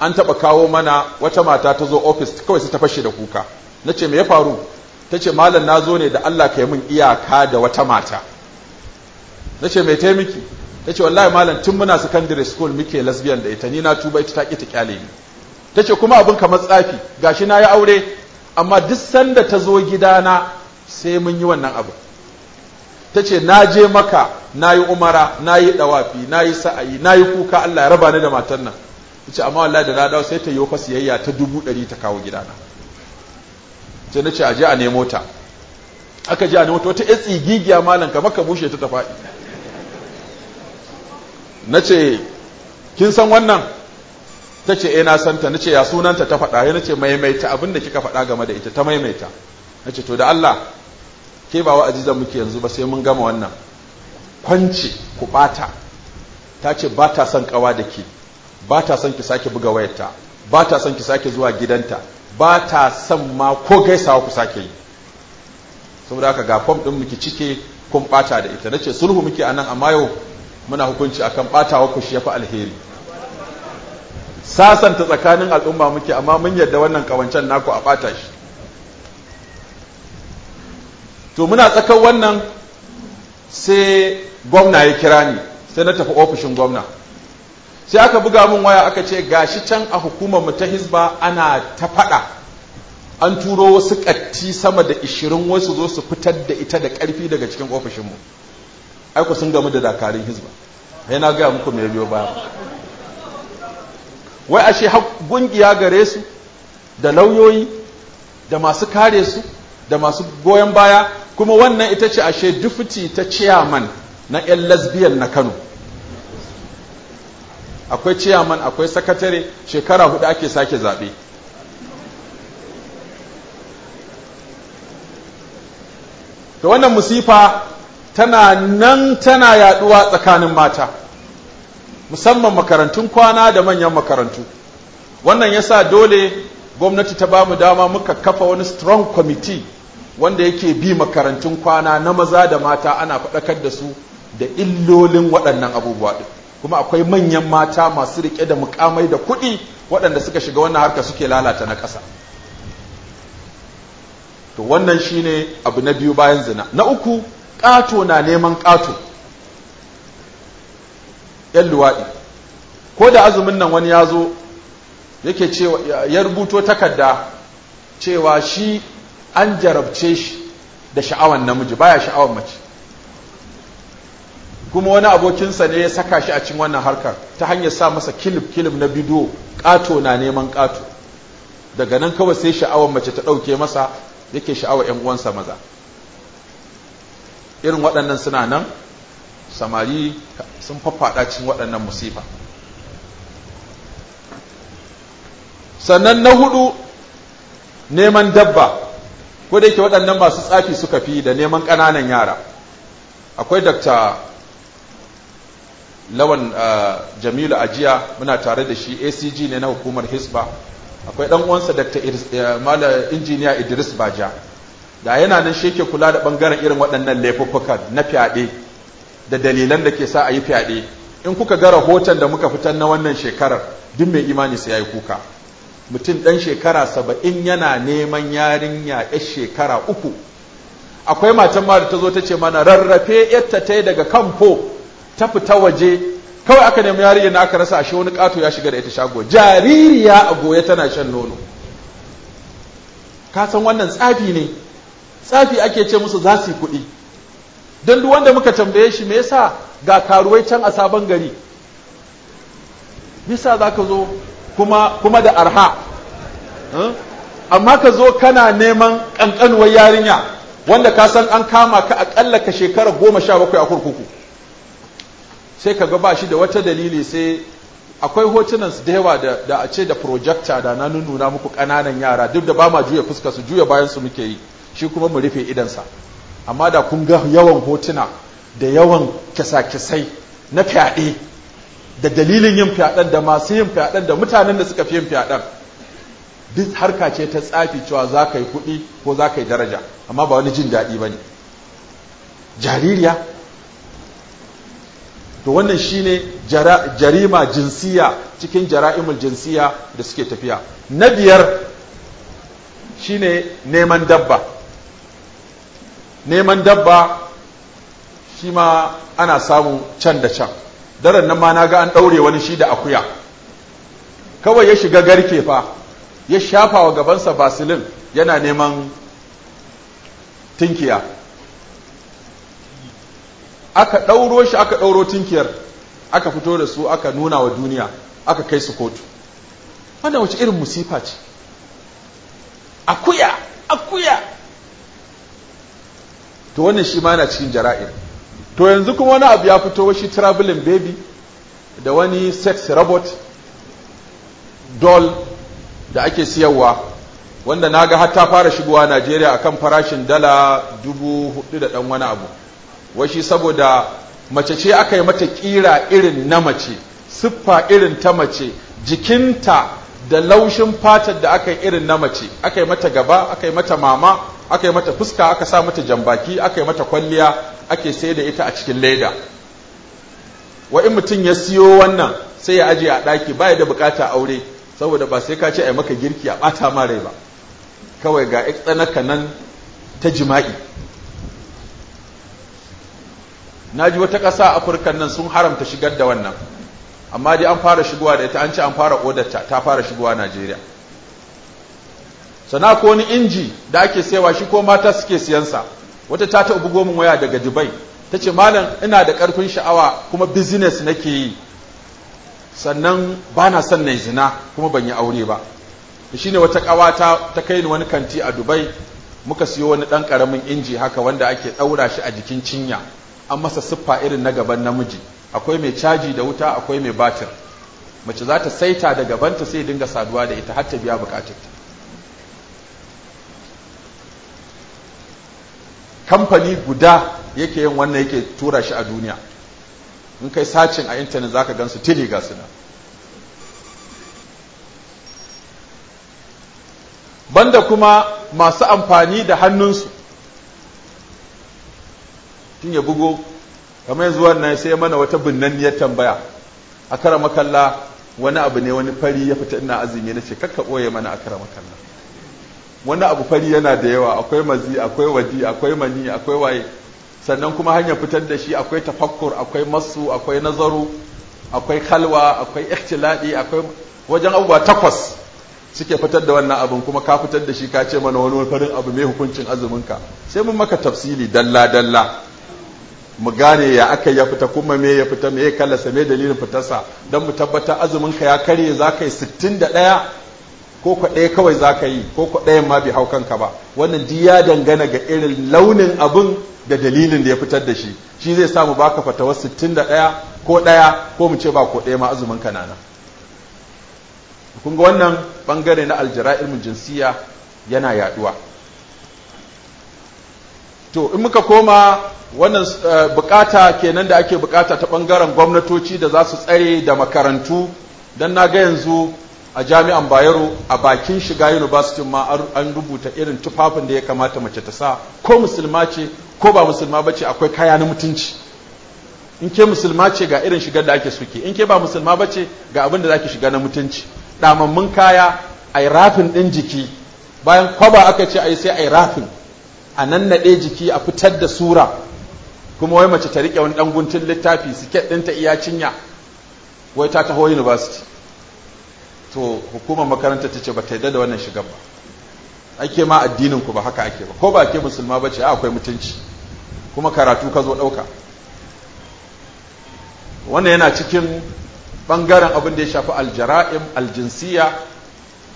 an taɓa kawo mana wata mata ta zo ofis kawai su ta fashe da kuka na ce me ya faru ta ce malam na zo ne da allah ka yi min iyaka da wata mata na ce mai taimaki ta ce wallahi malam tun muna secondary school muke lesbian da ita ni na tuba ita ta ƙi ta kyale ni ta ce kuma abin kamar tsafi gashi na yi aure amma duk sanda ta zo gidana sai mun yi wannan abu ta ce na je maka na yi umara na yi ɗawafi na yi sa'ayi na yi kuka Allah ya raba ni da matan nan ta ce amma wallahi da na dawo sai ta yi fa siyayya ta dubu ɗari ta kawo gidana ce na ce a je a nemo ta aka je a nemo ta wata ya tsigigiya malam ka maka bushe ta tafaɗi na ce kin san wannan ta ce eh na santa na ce ya sunanta ta faɗa ya na ce maimaita abin da kika faɗa game da ita ta maimaita na ce to da Allah ke ba wa muke yanzu ba sai mun gama wannan kwanci ku bata ta ce ba ta son kawa da ke ba ta son ki sake buga wayarta ba ta son ki sake zuwa gidanta ba ta son ma ko gaisawa ku sake yi saboda haka ga fom din muke cike kun bata da ita nace sulhu muke anan amma yau muna hukunci akan batawa ku shi yafi alheri sasanta tsakanin al'umma muke amma mun yadda wannan kawancan naku a bata shi to muna tsakar wannan sai gwamna ya kira ni sai na tafi ofishin gwamna sai aka buga min waya aka ce gashi can a hukumar mu ta hisba ana ta faɗa an turo wasu katti sama da ishirin wasu zo su fitar da ita da karfi daga cikin ofishinmu aiko sun gamu da dakarun hisba sai na gaya muku mai biyo baya wai ashe gungiya gare su da lauyoyi da masu kare su da masu goyon baya kuma wannan ita ce ashe dufuti ta ciyaman na 'yan lesbian na kano akwai ciyaman akwai sakatare shekara hudu ake sake zaɓe da wannan musifa tana nan tana yaduwa tsakanin mata musamman makarantun kwana da manyan makarantu wannan yasa dole gwamnati ta bamu dama muka kafa wani strong committee wanda yake bi makarantun kwana na maza da mata ana faɗakar da su da illolin waɗannan abubuwa ɗin kuma akwai manyan mata masu riƙe da mukamai da kuɗi waɗanda suka shiga wannan harka suke lalata na ƙasa to wannan shine abu na biyu bayan zina na uku ƙato na neman ƙato yan luwaɗi ko da azumin nan wani ya zo yake cewa ya rubuto takarda cewa shi an jarabce shi da sha'awan namiji baya sha'awan mace kuma wani abokinsa ne ya saka shi a cikin wannan harkar ta hanyar sa masa kilif kilif na bidiyo ƙato na neman kato daga nan kawai sai sha'awan mace ta ɗauke masa yake sha'awa 'yan uwansa maza irin waɗannan suna nan samari sun faffaɗa cikin waɗannan musifa sannan na hudu neman dabba ko da yake waɗannan masu tsafi suka fi da neman ƙananan yara akwai dr lawan ah, jamilu ajiya muna tare da shi acg ne na hukumar hisba akwai ɗan uwansa dr eh, injiniya idris baja da yana nan sheke kula da ɓangaren irin waɗannan laifuffuka na fyaɗe da dalilan da ke sa a yi fyaɗe in kuka ga rahoton da muka fitar na wannan shekarar duk mai imani sai ya yi kuka mutum ɗan shekara saba'in yana neman yarinya ya shekara uku akwai matan ma da ta zo ta ce mana rarrafe yadda ta yi daga kamfo ta fita waje kawai aka nemi yarinya na aka rasa ashe wani ƙato ya shiga da ita shago jaririya a goye tana shan nono ka san wannan tsafi ne tsafi ake ce musu za su yi kuɗi don duk wanda muka tambaye shi me yasa ga karuwai can a sabon gari bisa za ka zo kuma da arha amma ka zo kana neman kankanuwar yarinya wanda ka san an kama ka akalla ka shekara goma sha bakwai a kurkuku sai ka ga ba shi da wata dalili sai akwai hotunan su da yawa da a ce da projector da na nuna muku ƙananan yara duk da ba ma juya fuska su juya bayan su muke yi shi kuma mu rufe idansa amma da kun ga yawan hotuna da yawan kyasa-kyasai na fyaɗe da dalilin yin fyaɗen da masu yin fyaɗen da mutanen da suka fi yin fyaɗen duk harka ce ta tsafi cewa za ka yi kuɗi ko za ka yi daraja amma ba wani jin daɗi ba ne jaririya to wannan shi ne jarima jinsiya cikin jara'imul jinsiya da suke tafiya na biyar ne neman dabba neman dabba shi ma ana samu can da can daren nan ma na ga an ɗaure wani shi da akuya kawai ya shiga garke fa ya shafa wa gabansa basilin yana neman tinkiya aka ɗauro shi aka ɗauro tinkiyar aka fito da su aka nuna wa duniya aka kai su kotu wannan wace irin musifa ce akuya akuya to wannan shi ma yana cikin jara'ir to yanzu kuma wani abu ya fito shi traveling baby da wani sex robot doll da ake siyarwa wanda na ga ta fara shigowa najeriya akan farashin dala dubu hudu da dan wani abu washi saboda mace ce aka yi mata kira irin na mace siffa irin ta mace jikinta da laushin fatar da aka yi irin na mace aka yi mata gaba aka yi mata mama aka yi mata fuska aka sa mata jambaki aka yi mata kwalliya ake sai da ita a cikin leda wa in mutum ya siyo wannan sai ya ajiye a ɗaki baya da bukata aure saboda ba sai ka ce yi maka girki a ɓata ma ba kawai ga tsanaka nan ta jima'i na ji wata ƙasa afirkan nan sun haramta shigar da wannan amma dai an fara shigowa da ita an ce an fara odarta ta fara shigowa najeriya sana ko wani inji da ake sayawa shi ko mata suke siyansa wata ta taɓa bugo min waya daga dubai ta ce malam ina da karfin sha'awa kuma business nake yi sannan ba na son na zina kuma ban yi aure ba shi ne wata ƙawata ta kai ni wani kanti a dubai muka siyo wani ɗan ƙaramin inji haka wanda ake ɗaura shi a jikin cinya an masa siffa irin na gaban namiji akwai mai caji da wuta akwai mai batir mace za ta saita da gabanta sai dinga saduwa da ita har ta biya bukatarta kamfani guda yake yin wannan yake tura shi a duniya in kai sacin a intanet za zaka gansu tili ga su banda kuma masu amfani da hannunsu tun ya bugo kamar yanzu wannan sai mana wata binnanniyar tambaya a kara makalla wani abu ne wani fari ya fita ina azumi na ce kakka ɓoye mana a kara makalla wani abu fari yana da yawa akwai mazi akwai wadi akwai mani akwai waye sannan kuma hanyar fitar da shi akwai tafakkur akwai masu akwai nazaru akwai kalwa akwai ikhtiladi akwai wajen abubuwa takwas suke fitar da wannan abin kuma ka fitar da shi ka ce mana wani farin abu mai hukuncin azumin ka sai mun maka tafsili dalla dalla mu gane ya aka ya fita kuma me ya fita me ya kallasa me dalilin fitarsa don mu tabbata azumin ka ya karye za ka yi 61 ko kwaɗaya kawai za ka yi ko kwaɗaya ma bai hau kanka ba wannan duk ya dangana ga irin launin abin da dalilin da ya fitar da shi shi zai samu baka fatawar sittin da ɗaya ko ɗaya ko mu ce ba ko ɗaya ma azumin kanana kun ga wannan bangare na aljira ilmin jinsiya yana yaɗuwa. to in muka koma wannan eh, bukata kenan da ake bukata ta bangaren gwamnatoci da za su tsare da makarantu don na ga yanzu a jami'an bayero a bakin shiga university ma an rubuta irin tufafin da ya kamata mace ta sa ko musulma ce ko ba musulma ba ce akwai kaya na mutunci in ke musulma ce ga irin shigar da ake suke in ke ba musulma ba ce ga abin da zaki shiga na mutunci damammun kaya a yi rafin ɗin jiki bayan kwaba aka ce a yi sai a yi rafin a nannaɗe jiki a fitar da sura kuma wai mace ta riƙe wani ɗan guntun littafi siket ɗinta iya cinya wai ta taho university to hukumar makaranta ta ce ba ta yadda da wannan shigar ba ake ma addinin ku ba haka ake ba ko ba ke musulma ba ce akwai mutunci kuma karatu ka zo ɗauka wannan yana cikin ɓangaren abin da ya shafi aljara'im aljinsiya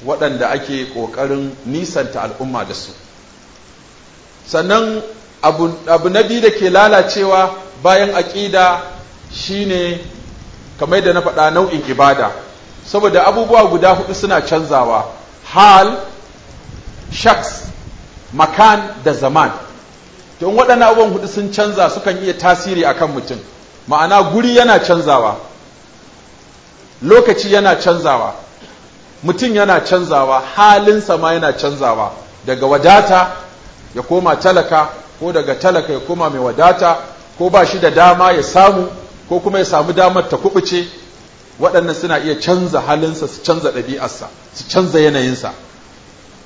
waɗanda ake ƙoƙarin nisanta al'umma da su sannan abu na biyu da ke lalacewa bayan aƙida shine kamar da na faɗa nau'in ibada saboda abubuwa guda hudu suna canzawa hal shaks makan da zaman to in waɗannan abubuwan hudu sun canza sukan iya tasiri akan mutum ma'ana guri yana canzawa lokaci yana canzawa mutum yana canzawa halinsa ma yana canzawa daga wadata ya koma talaka ko daga talaka ya koma mai wadata ko ba shi da dama ya samu ko kuma ya samu damar ta kubuce waɗannan suna iya canza halinsa su canza ɗabi'arsa su canza yanayinsa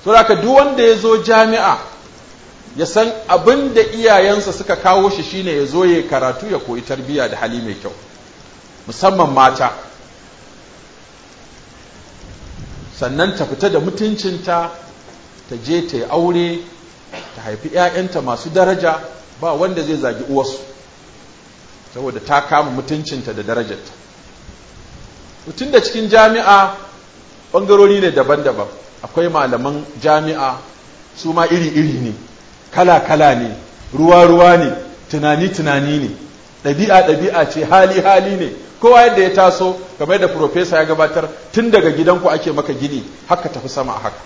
so da duk wanda ya zo jami'a ya san abin da iyayensa suka kawo shi shine ya zo ya karatu ya koyi tarbiyya da hali mai kyau musamman mata sannan ta fita da mutuncinta ta je ta yi aure ta haifi 'ya'yanta masu daraja ba wanda zai zagi uwarsu saboda ta kama mutuncinta da darajarta mutum da cikin jami'a ɓangarori ne daban-daban akwai malaman jami'a su ma iri-iri ne kala-kala ne ruwa-ruwa ne tunani-tunani ne ɗabi'a-ɗabi'a ce hali-hali ne kowa yadda ya taso game da profesa ya gabatar tun daga gidanku ake maka gini haka tafi sama a haka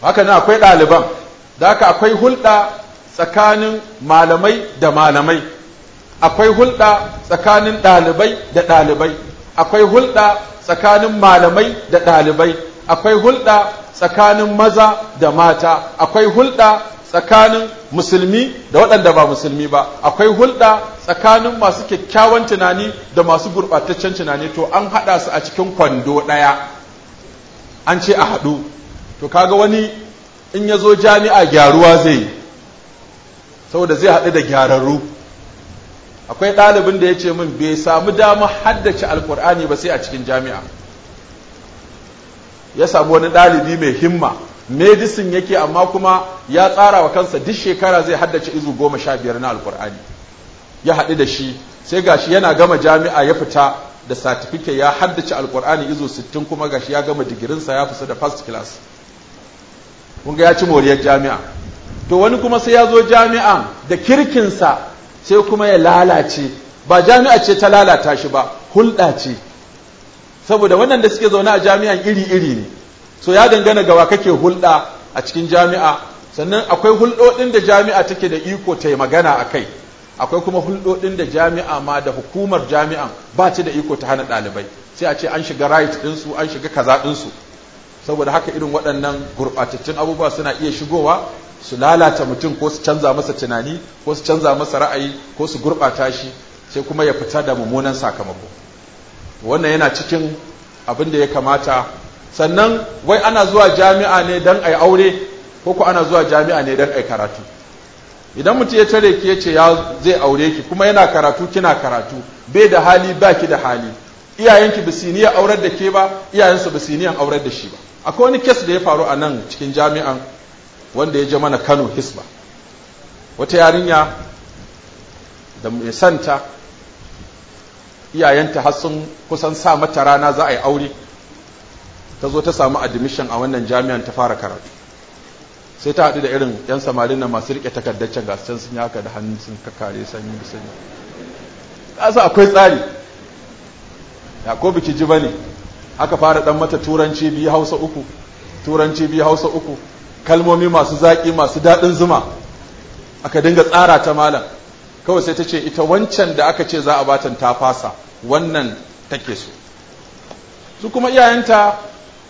haka na akwai ɗaliban da haka akwai hulɗa tsakanin malamai da malamai akwai hulɗa tsakanin ɗalibai da ɗalibai akwai hulɗa tsakanin malamai da ɗalibai akwai hulɗa tsakanin maza da mata akwai hulɗa tsakanin musulmi da waɗanda ba musulmi ba akwai hulɗa tsakanin masu kyakkyawan tunani da masu gurɓataccen tunani to an haɗa su a cikin kwando ɗaya an ce a haɗu to kaga wani in ya zo jami'a gyaruwa zai saboda zai haɗu da gyararru akwai ɗalibin da ya ce min bai samu dama haddace alkur'ani ba sai a cikin jami'a ya samu wani ɗalibi mai himma medicine yake amma kuma ya tsara wa kansa duk shekara zai haddace izu goma sha biyar na alkur'ani ya haɗu da shi sai gashi yana gama jami'a ya fita da satifike ya haddace alkur'ani izu sittin kuma gashi ya gama digirinsa ya fusa da first class kun ya ci moriyar jami'a to wani kuma sai ya zo jami'an da kirkinsa sai kuma ya lalace ba jami'a ce ta lalata shi ba hulɗa ce saboda wannan da suke zaune a jami'an iri-iri ne so ya dangana gawa kake hulɗa a cikin jami'a sannan akwai hulɗoɗin da jami'a take da iko ta yi magana a kai akwai kuma hulɗoɗin da jami'a ma da hukumar jami'an ba ta da iko ta hana ɗalibai sai a ce an shiga right ɗinsu an shiga kaza ɗinsu saboda haka irin waɗannan gurɓatattun abubuwa suna iya shigowa su lalata mutum ko su canza masa tunani ko su canza masa ra'ayi ko su gurɓata shi sai kuma ya fita da mummunan sakamako wannan yana cikin abin da ya kamata sannan wai ana zuwa jami'a ne don ai aure ko ku ana zuwa jami'a ne don ai karatu idan mutum ya tare ki ya ce ya zai aure ki kuma yana karatu kina karatu bai da hali ba ki da hali iyayenki ba su aurar da ke ba iyayensu ba su aurar da shi ba akwai wani kes da ya faru a nan cikin jami'an wanda ya je mana kano hisba wata yarinya da mai santa iyayenta har sun kusan sa mata rana za a yi aure ta zo ta samu admission a wannan jami'an ta fara karatu sai ta haɗu da irin 'yan samarin nan masu riƙe takardacin gasan sun haka da hannun sun kakare sanyi da sanyi ƙasa akwai tsari ya ko biki ji ba ne aka fara ɗan mata turanci biyu hausa uku turanci biyu hausa uku kalmomi masu zaƙi masu daɗin zuma aka dinga tsara ta malam kawai sai ta ce ita wancan da aka ce za a batan ta fasa wannan take so su kuma iyayenta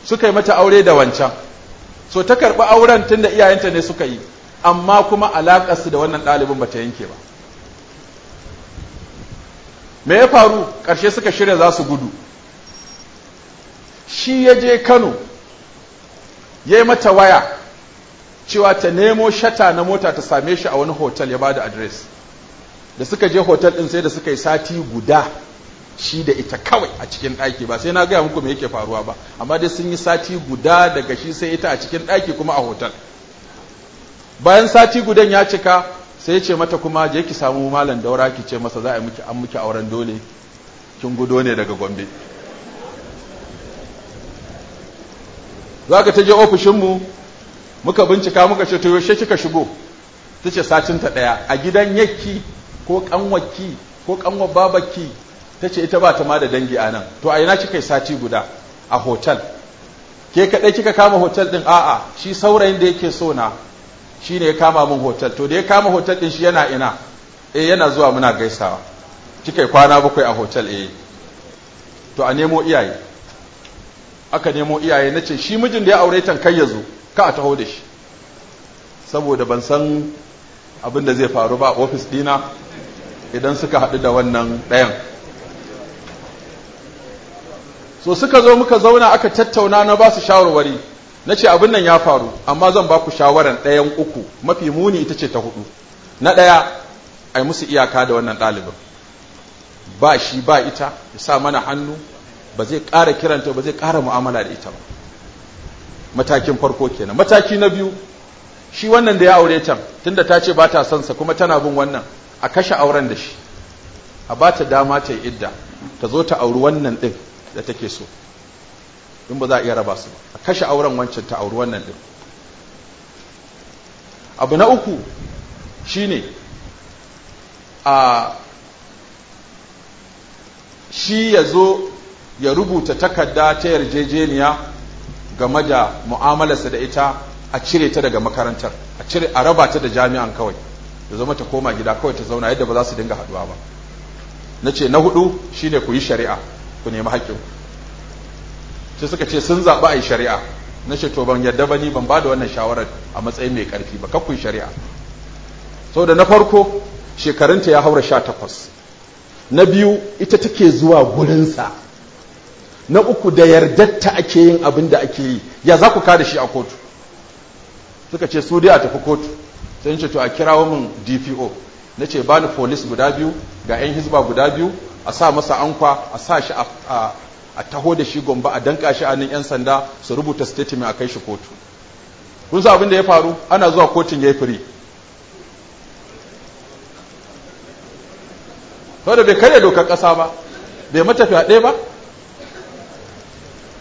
suka yi mata aure da wancan so ta karɓi auren tun da iyayenta ne suka yi amma kuma alaƙarsu da wannan ɗalibin ba ta yanke ba me ya faru ƙarshe suka shirya za su gudu shi ya je kano ya yi mata waya cewa ta nemo shata na mota ta same shi a wani hotel ya bada adres da suka je hotel din sai da suka yi sati guda shi da ita kawai a cikin ɗaki ba sai na gaya muku me yake faruwa ba amma dai sun yi sati guda daga shi sai ita a cikin ɗaki kuma a hotel bayan sati gudan ya cika sai ce mata kuma je ki samu malam daura ki ce masa za a miki an miki auren dole kin gudo ne daga gombe za ka ta je ofishinmu muka bincika muka ce to yaushe kika shigo ta ce ta ɗaya a gidan yakki ko kanwaki ko kanwa babaki ta ce ita ba ta ma da dangi a nan to a ina kika yi sati guda a hotel ke kaɗai kika kama hotel ɗin a'a shi saurayin da yake so na shi ne ya kama min hotel to da ya kama hotel ɗin shi yana ina eh yana zuwa muna gaisawa kika yi kwana bakwai a hotel eh to a nemo iyaye aka nemo iyaye na ce shi mijin da ya aure tan kai ya zo ka a taho shi saboda ban san abin da zai faru ba a ofis dina idan suka haɗu da wannan ɗayan so suka zo muka zauna aka tattauna na ba su shawarwari na ce abin nan ya faru amma zan ba ku shawaran ɗayan uku mafi muni ita ce ta hudu na ɗaya a yi musu iyaka da wannan ɗalibin ba shi ba ita ya sa mana hannu ba zai ƙara kiranta ba zai ƙara mu'amala da ita ba matakin farko kenan mataki na biyu shi wannan da ya aure ta tunda ta ce ba ta son sa kuma tana bin wannan a kashe auren da shi a ba ta dama ta yi idda ta zo ta auri wannan din da take so in ba za a iya raba su ba a kashe auren wancan ta auri wannan din abu na uku shine a shi ya zo ya rubuta takarda ta yarjejeniya game da mu'amalarsa da ita a cire ta daga makarantar a cire a raba ta da jami'an kawai da zama ta koma gida kawai ta zauna yadda ba za su dinga haduwa ba na ce na hudu shine ku yi shari'a ku nemi haƙƙin sai suka ce sun zaɓi a yi shari'a na ce to ban yadda ba ni ban ba da wannan shawarar a matsayin mai ƙarfi ba kakku yi shari'a da na farko shekarunta ya haura sha takwas na biyu ita take zuwa gurinsa na uku da yardatta ake yin abin da ake yi ya za ku kada shi a kotu suka ce su dai a tafi kotu sai ce to a kirawo min dpo na ce bani police guda biyu ga 'yan hizba guda biyu a sa masa ankwa a sa shi a taho da shi gomba a danka shi a nan 'yan sanda su rubuta statement a kai shi kotu kun sa abin da ya faru ana zuwa kotun ya yi firi da bai karya dokar kasa ba bai matafi ɗaya ba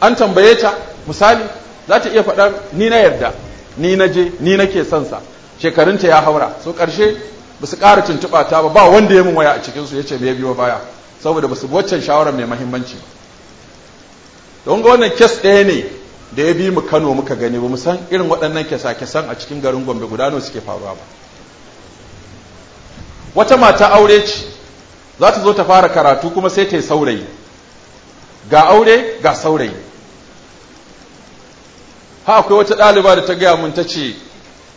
an tambaye ta misali za ta iya faɗar ni na yarda ni na je ni nake son sa shekarunta ya haura so ƙarshe ba su ƙara tuntuɓa ta ba ba wanda ya mun waya a cikinsu ya ce me biyo baya saboda ba su waccan shawarar mai mahimmanci ba don ga wannan kes ɗaya ne da ya bi mu kano muka gani ba mu san irin waɗannan kesa-kesan a cikin garin gombe gudano suke faruwa ba wata mata aure ce za ta zo ta fara karatu kuma sai ta yi saurayi ga aure ga saurayi ha akwai wata ɗaliba da ta gaya mun ta ce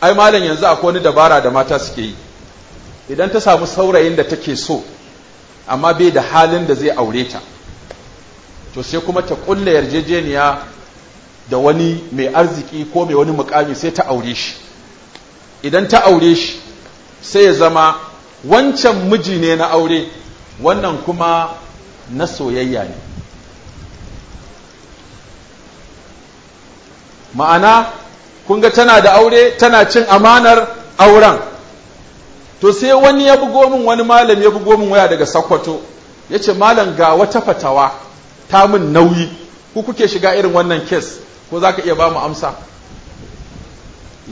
ai malam yanzu akwai wani dabara da mata suke yi idan ta samu saurayin da take so amma bai da halin da zai aure ta to sai kuma ta kulle yarjejeniya da wani mai arziki ko mai wani mukami sai ta aure shi idan ta aure shi sai ya zama wancan miji ne na aure wannan kuma na soyayya ne ma'ana kun ga tana da aure tana cin amanar auren to sai wani ya bugo min wani malam ya bugo min waya daga Sokoto yace malam ga wata fatawa ta min nauyi ku kuke shiga irin wannan kes ko zaka iya ba mu amsa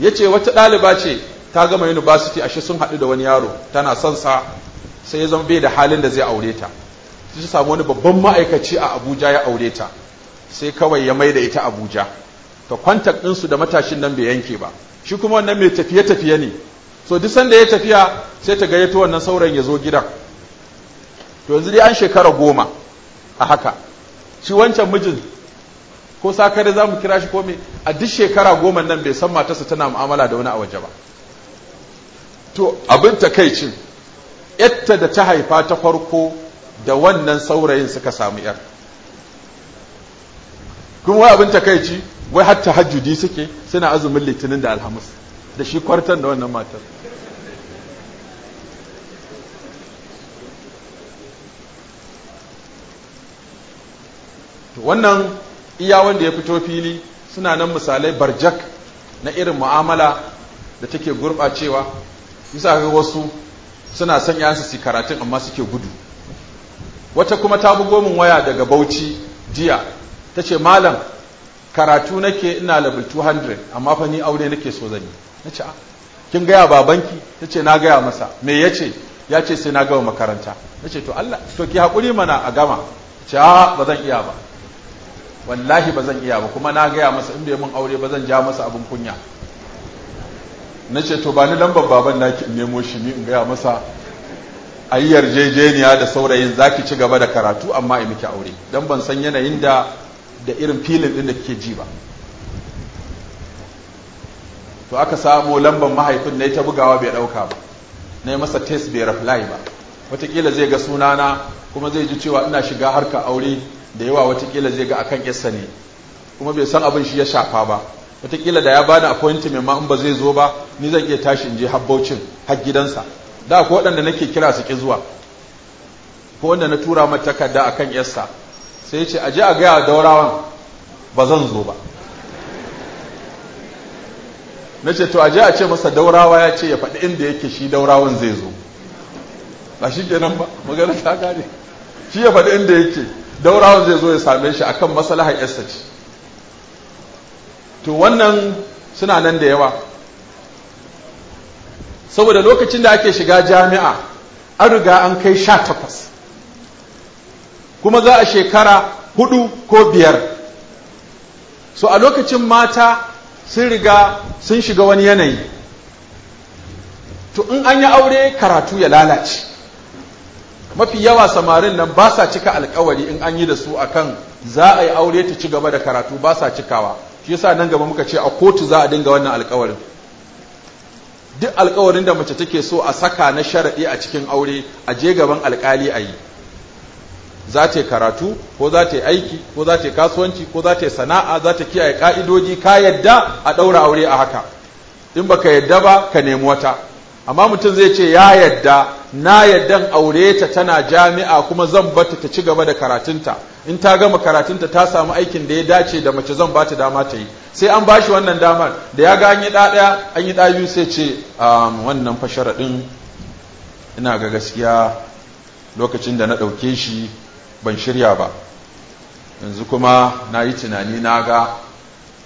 yace wata ɗaliba ce ta gama university ashe sun haɗu da wani yaro tana son sa sai ya zama bai da halin da zai aure ta sai samu wani babban ma'aikaci a Abuja ya aure ta sai kawai ya mai da ita Abuja to kwantak ɗinsu da matashin nan bai yanke ba shi kuma wannan mai tafiye-tafiye ne so duk sanda ya tafiya sai ta gayyato wannan sauran ya zo gidan to yanzu dai an shekara goma a haka shi wancan mijin ko sakare za mu kira shi ko a duk shekara goma nan bai san matarsa tana mu'amala da wani a waje ba to abin ta takaicin yatta da ta haifa ta farko da wannan saurayin suka samu yar kuma wai abin takaici wai hatta hajjudi suke suna azumin litinin da alhamis da shi kwartan da wannan matar wannan iya wanda ya fito fili suna nan misalai barjak na irin mu'amala da take gurɓacewa bisa ga wasu suna son yansu su karatun amma suke gudu wata kuma ta bugo min waya daga bauchi jiya ta ce malam karatu nake ina level 200 amma fa ni aure nake so zan yi na ce ah, kin gaya babanki ta ce na gaya masa me ya ce ya ce sai na gama makaranta na ce to Allah to ki haƙuri mana a gama ce a ba zan iya ba wallahi ba zan iya ba kuma na gaya masa in ya mun aure ba zan ja masa abin kunya na ce to ba ni lambar baban na ki nemo shi ni in gaya masa ayi yarjejeniya da saurayin zaki ci gaba da karatu amma in miki aure dan ban san yanayin da da irin filin din da kike ji ba to aka samu lambar mahaifin na ta bugawa bai ɗauka ba na yi masa test bai reply ba watakila zai ga sunana kuma zai ji cewa ina shiga harka aure da yawa watakila zai ga akan yassa ne kuma bai san abin shi ya shafa ba watakila da ya bani appointment ma in ba zai zo ba ni zan iya tashi in je habbaucin har gidansa da ko waɗanda nake kira su ki zuwa ko wanda na tura mata takarda akan yassa sai ya ce aje a gaya daurawan ba zan zo ba na ce to aje a ce masa daurawa ya ce ya faɗi inda yake shi daurawan zai zo ba shi nan ba magana ta gane shi ya faɗi inda yake daurawan zai zo ya same shi akan maslahar yasta ce to wannan suna nan da yawa saboda lokacin da ake shiga jami'a an riga an kai sha takwas kuma za a shekara hudu ko biyar so a lokacin mata sun riga sun shiga wani yanayi to in an yi aure karatu ya lalace mafi yawa samarin nan ba sa cika alkawari in an yi da su akan za a yi aure ta ci gaba da karatu ba sa cikawa shi yasa nan gaba muka ce a kotu za a dinga wannan alkawarin duk alkawarin da mace take so a saka na sharaɗi a cikin aure a je gaban alkali a yi za ta karatu ko za ta aiki ko za ta kasuwanci ko za ta sana'a za ta kiyaye ka'idoji ka yadda a ɗaura aure a haka in baka yadda ba ka nemi wata amma mutum zai ce ya yadda na yaddan aure ta tana jami'a kuma zan bata ta ci gaba da karatunta in ta gama karatunta ta samu aikin da ya dace da mace zan bata dama ta yi sai an bashi wannan damar da ya ga an yi ɗaya an yi ɗaya biyu sai ce wannan fashara ɗin ina ga gaskiya lokacin da na ɗauke shi ban shirya ba yanzu kuma na yi tunani na ga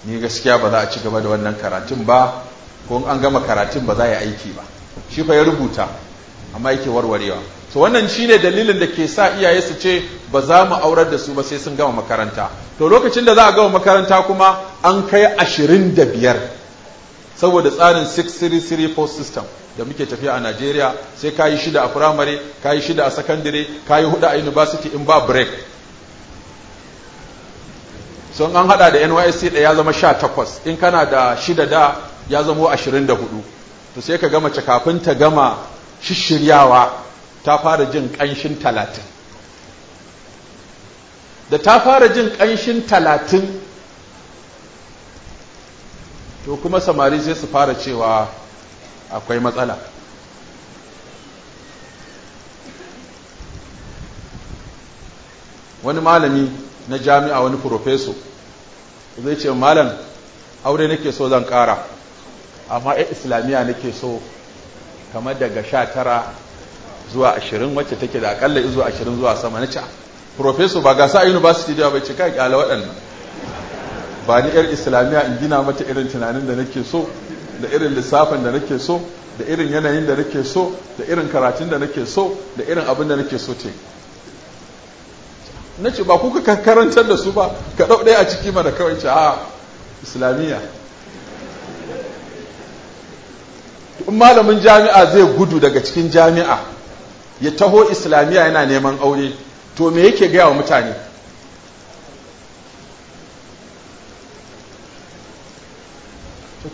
ni gaskiya ba za a ci gaba da wannan karatun ba ko an gama karatun ba za a yi aiki ba shi fa ya rubuta amma yake warwarewa to wannan shine dalilin da ke sa iyaye su ce ba za mu aurar da su ba sai sun gama makaranta to lokacin da za a gama makaranta kuma an kai ashirin da biyar saboda tsarin 6334 system da muke tafiya a Najeriya sai kayi shida a primary kayi shida a secondary kayi hudu a university in ba break sun an hada da NYSC da ya zama 18 in kana da shida da ya zama 24 to sai ka gama kafin ta gama shishiryawa ta fara jin kanshin talatin da ta fara jin kanshin talatin to kuma samari sai su fara cewa akwai matsala wani malami na jami'a wani profeso zai ce malam aure nake so zan kara amma ya islamiyya nake so kamar daga sha tara zuwa ashirin wacce take da akalla zuwa ashirin zuwa sama na ca profeso ba gasa university da bai ce kyala waɗannan ba ni yar islamiyya in gina mata irin tunanin da nake so da irin lissafin da nake so da irin yanayin da nake so da irin karatun da nake so da irin abin da nake so ce na ce ba kuka karantar da su ba ka ɗau ɗaya a ciki mana kawai ce a islamiyya in malamin jami'a zai gudu daga cikin jami'a ya taho islamiyya yana neman aure to me yake gaya wa mutane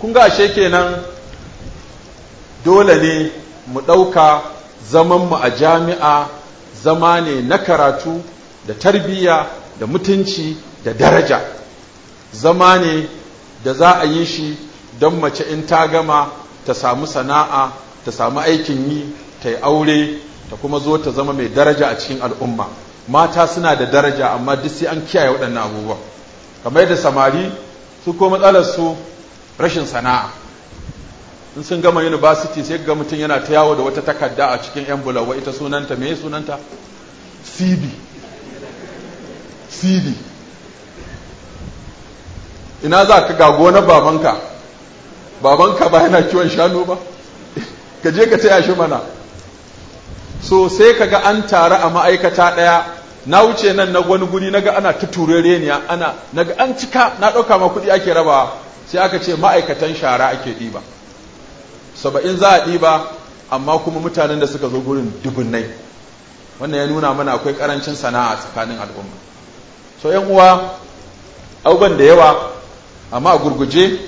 kun ga ashe kenan dole ne mu ɗauka mu a jami'a zama ne na karatu da tarbiyya da mutunci da daraja zama ne da za a yi shi don mace in ta gama ta samu sana'a ta samu aikin yi ta yi aure ta kuma zo ta zama mai daraja a cikin al'umma mata suna da daraja amma duk sai an kiyaye waɗannan abubuwa kamar yadda samari su ko matsalar su rashin sana'a in sun gama university sai ga mutum yana ta yawo da wata takarda a cikin yan bulawa ita sunanta me sunanta cv cv ina za ka ga na babanka babanka ba yana kiwon shanu ba ka je ka taya shi mana so sai ka ga an tare a ma'aikata ɗaya na wuce nan na wani guri ga ana ta turereniya ana na ga an cika na ɗauka ma kuɗi ake rabawa sai aka ce ma'aikatan shara ake ɗiba saba'in za a ɗiba amma kuma mutanen da suka zo gurin nai wannan ya nuna mana akwai ƙarancin sana'a tsakanin al'umma so yan uwa abubuwan da yawa amma a gurguje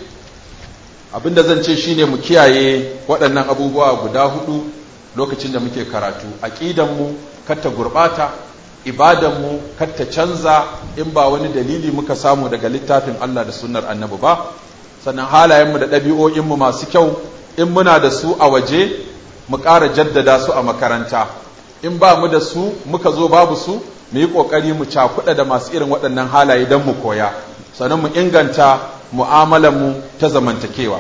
abinda zan ce shine mu kiyaye waɗannan abubuwa guda hudu lokacin da muke karatu ƙidanmu kar ta gurɓata ibadanmu kar ta canza in ba wani dalili muka samu daga littafin Allah da sunnar annabi ba sannan halayenmu da ɗabi'o'inmu masu kyau in muna da su a waje mu ƙara jaddada su a makaranta in ba mu da su muka zo babu su mu yi ƙoƙari mu cakuɗa da masu irin waɗannan halaye don mu koya sannan mu inganta mu ta zamantakewa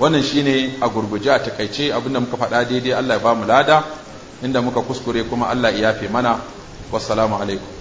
wannan shine a gurguje a takaice abinda muka faɗa daidai Allah ya ba mu lada inda muka kuskure kuma Allah ya yafe mana والسلام عليكم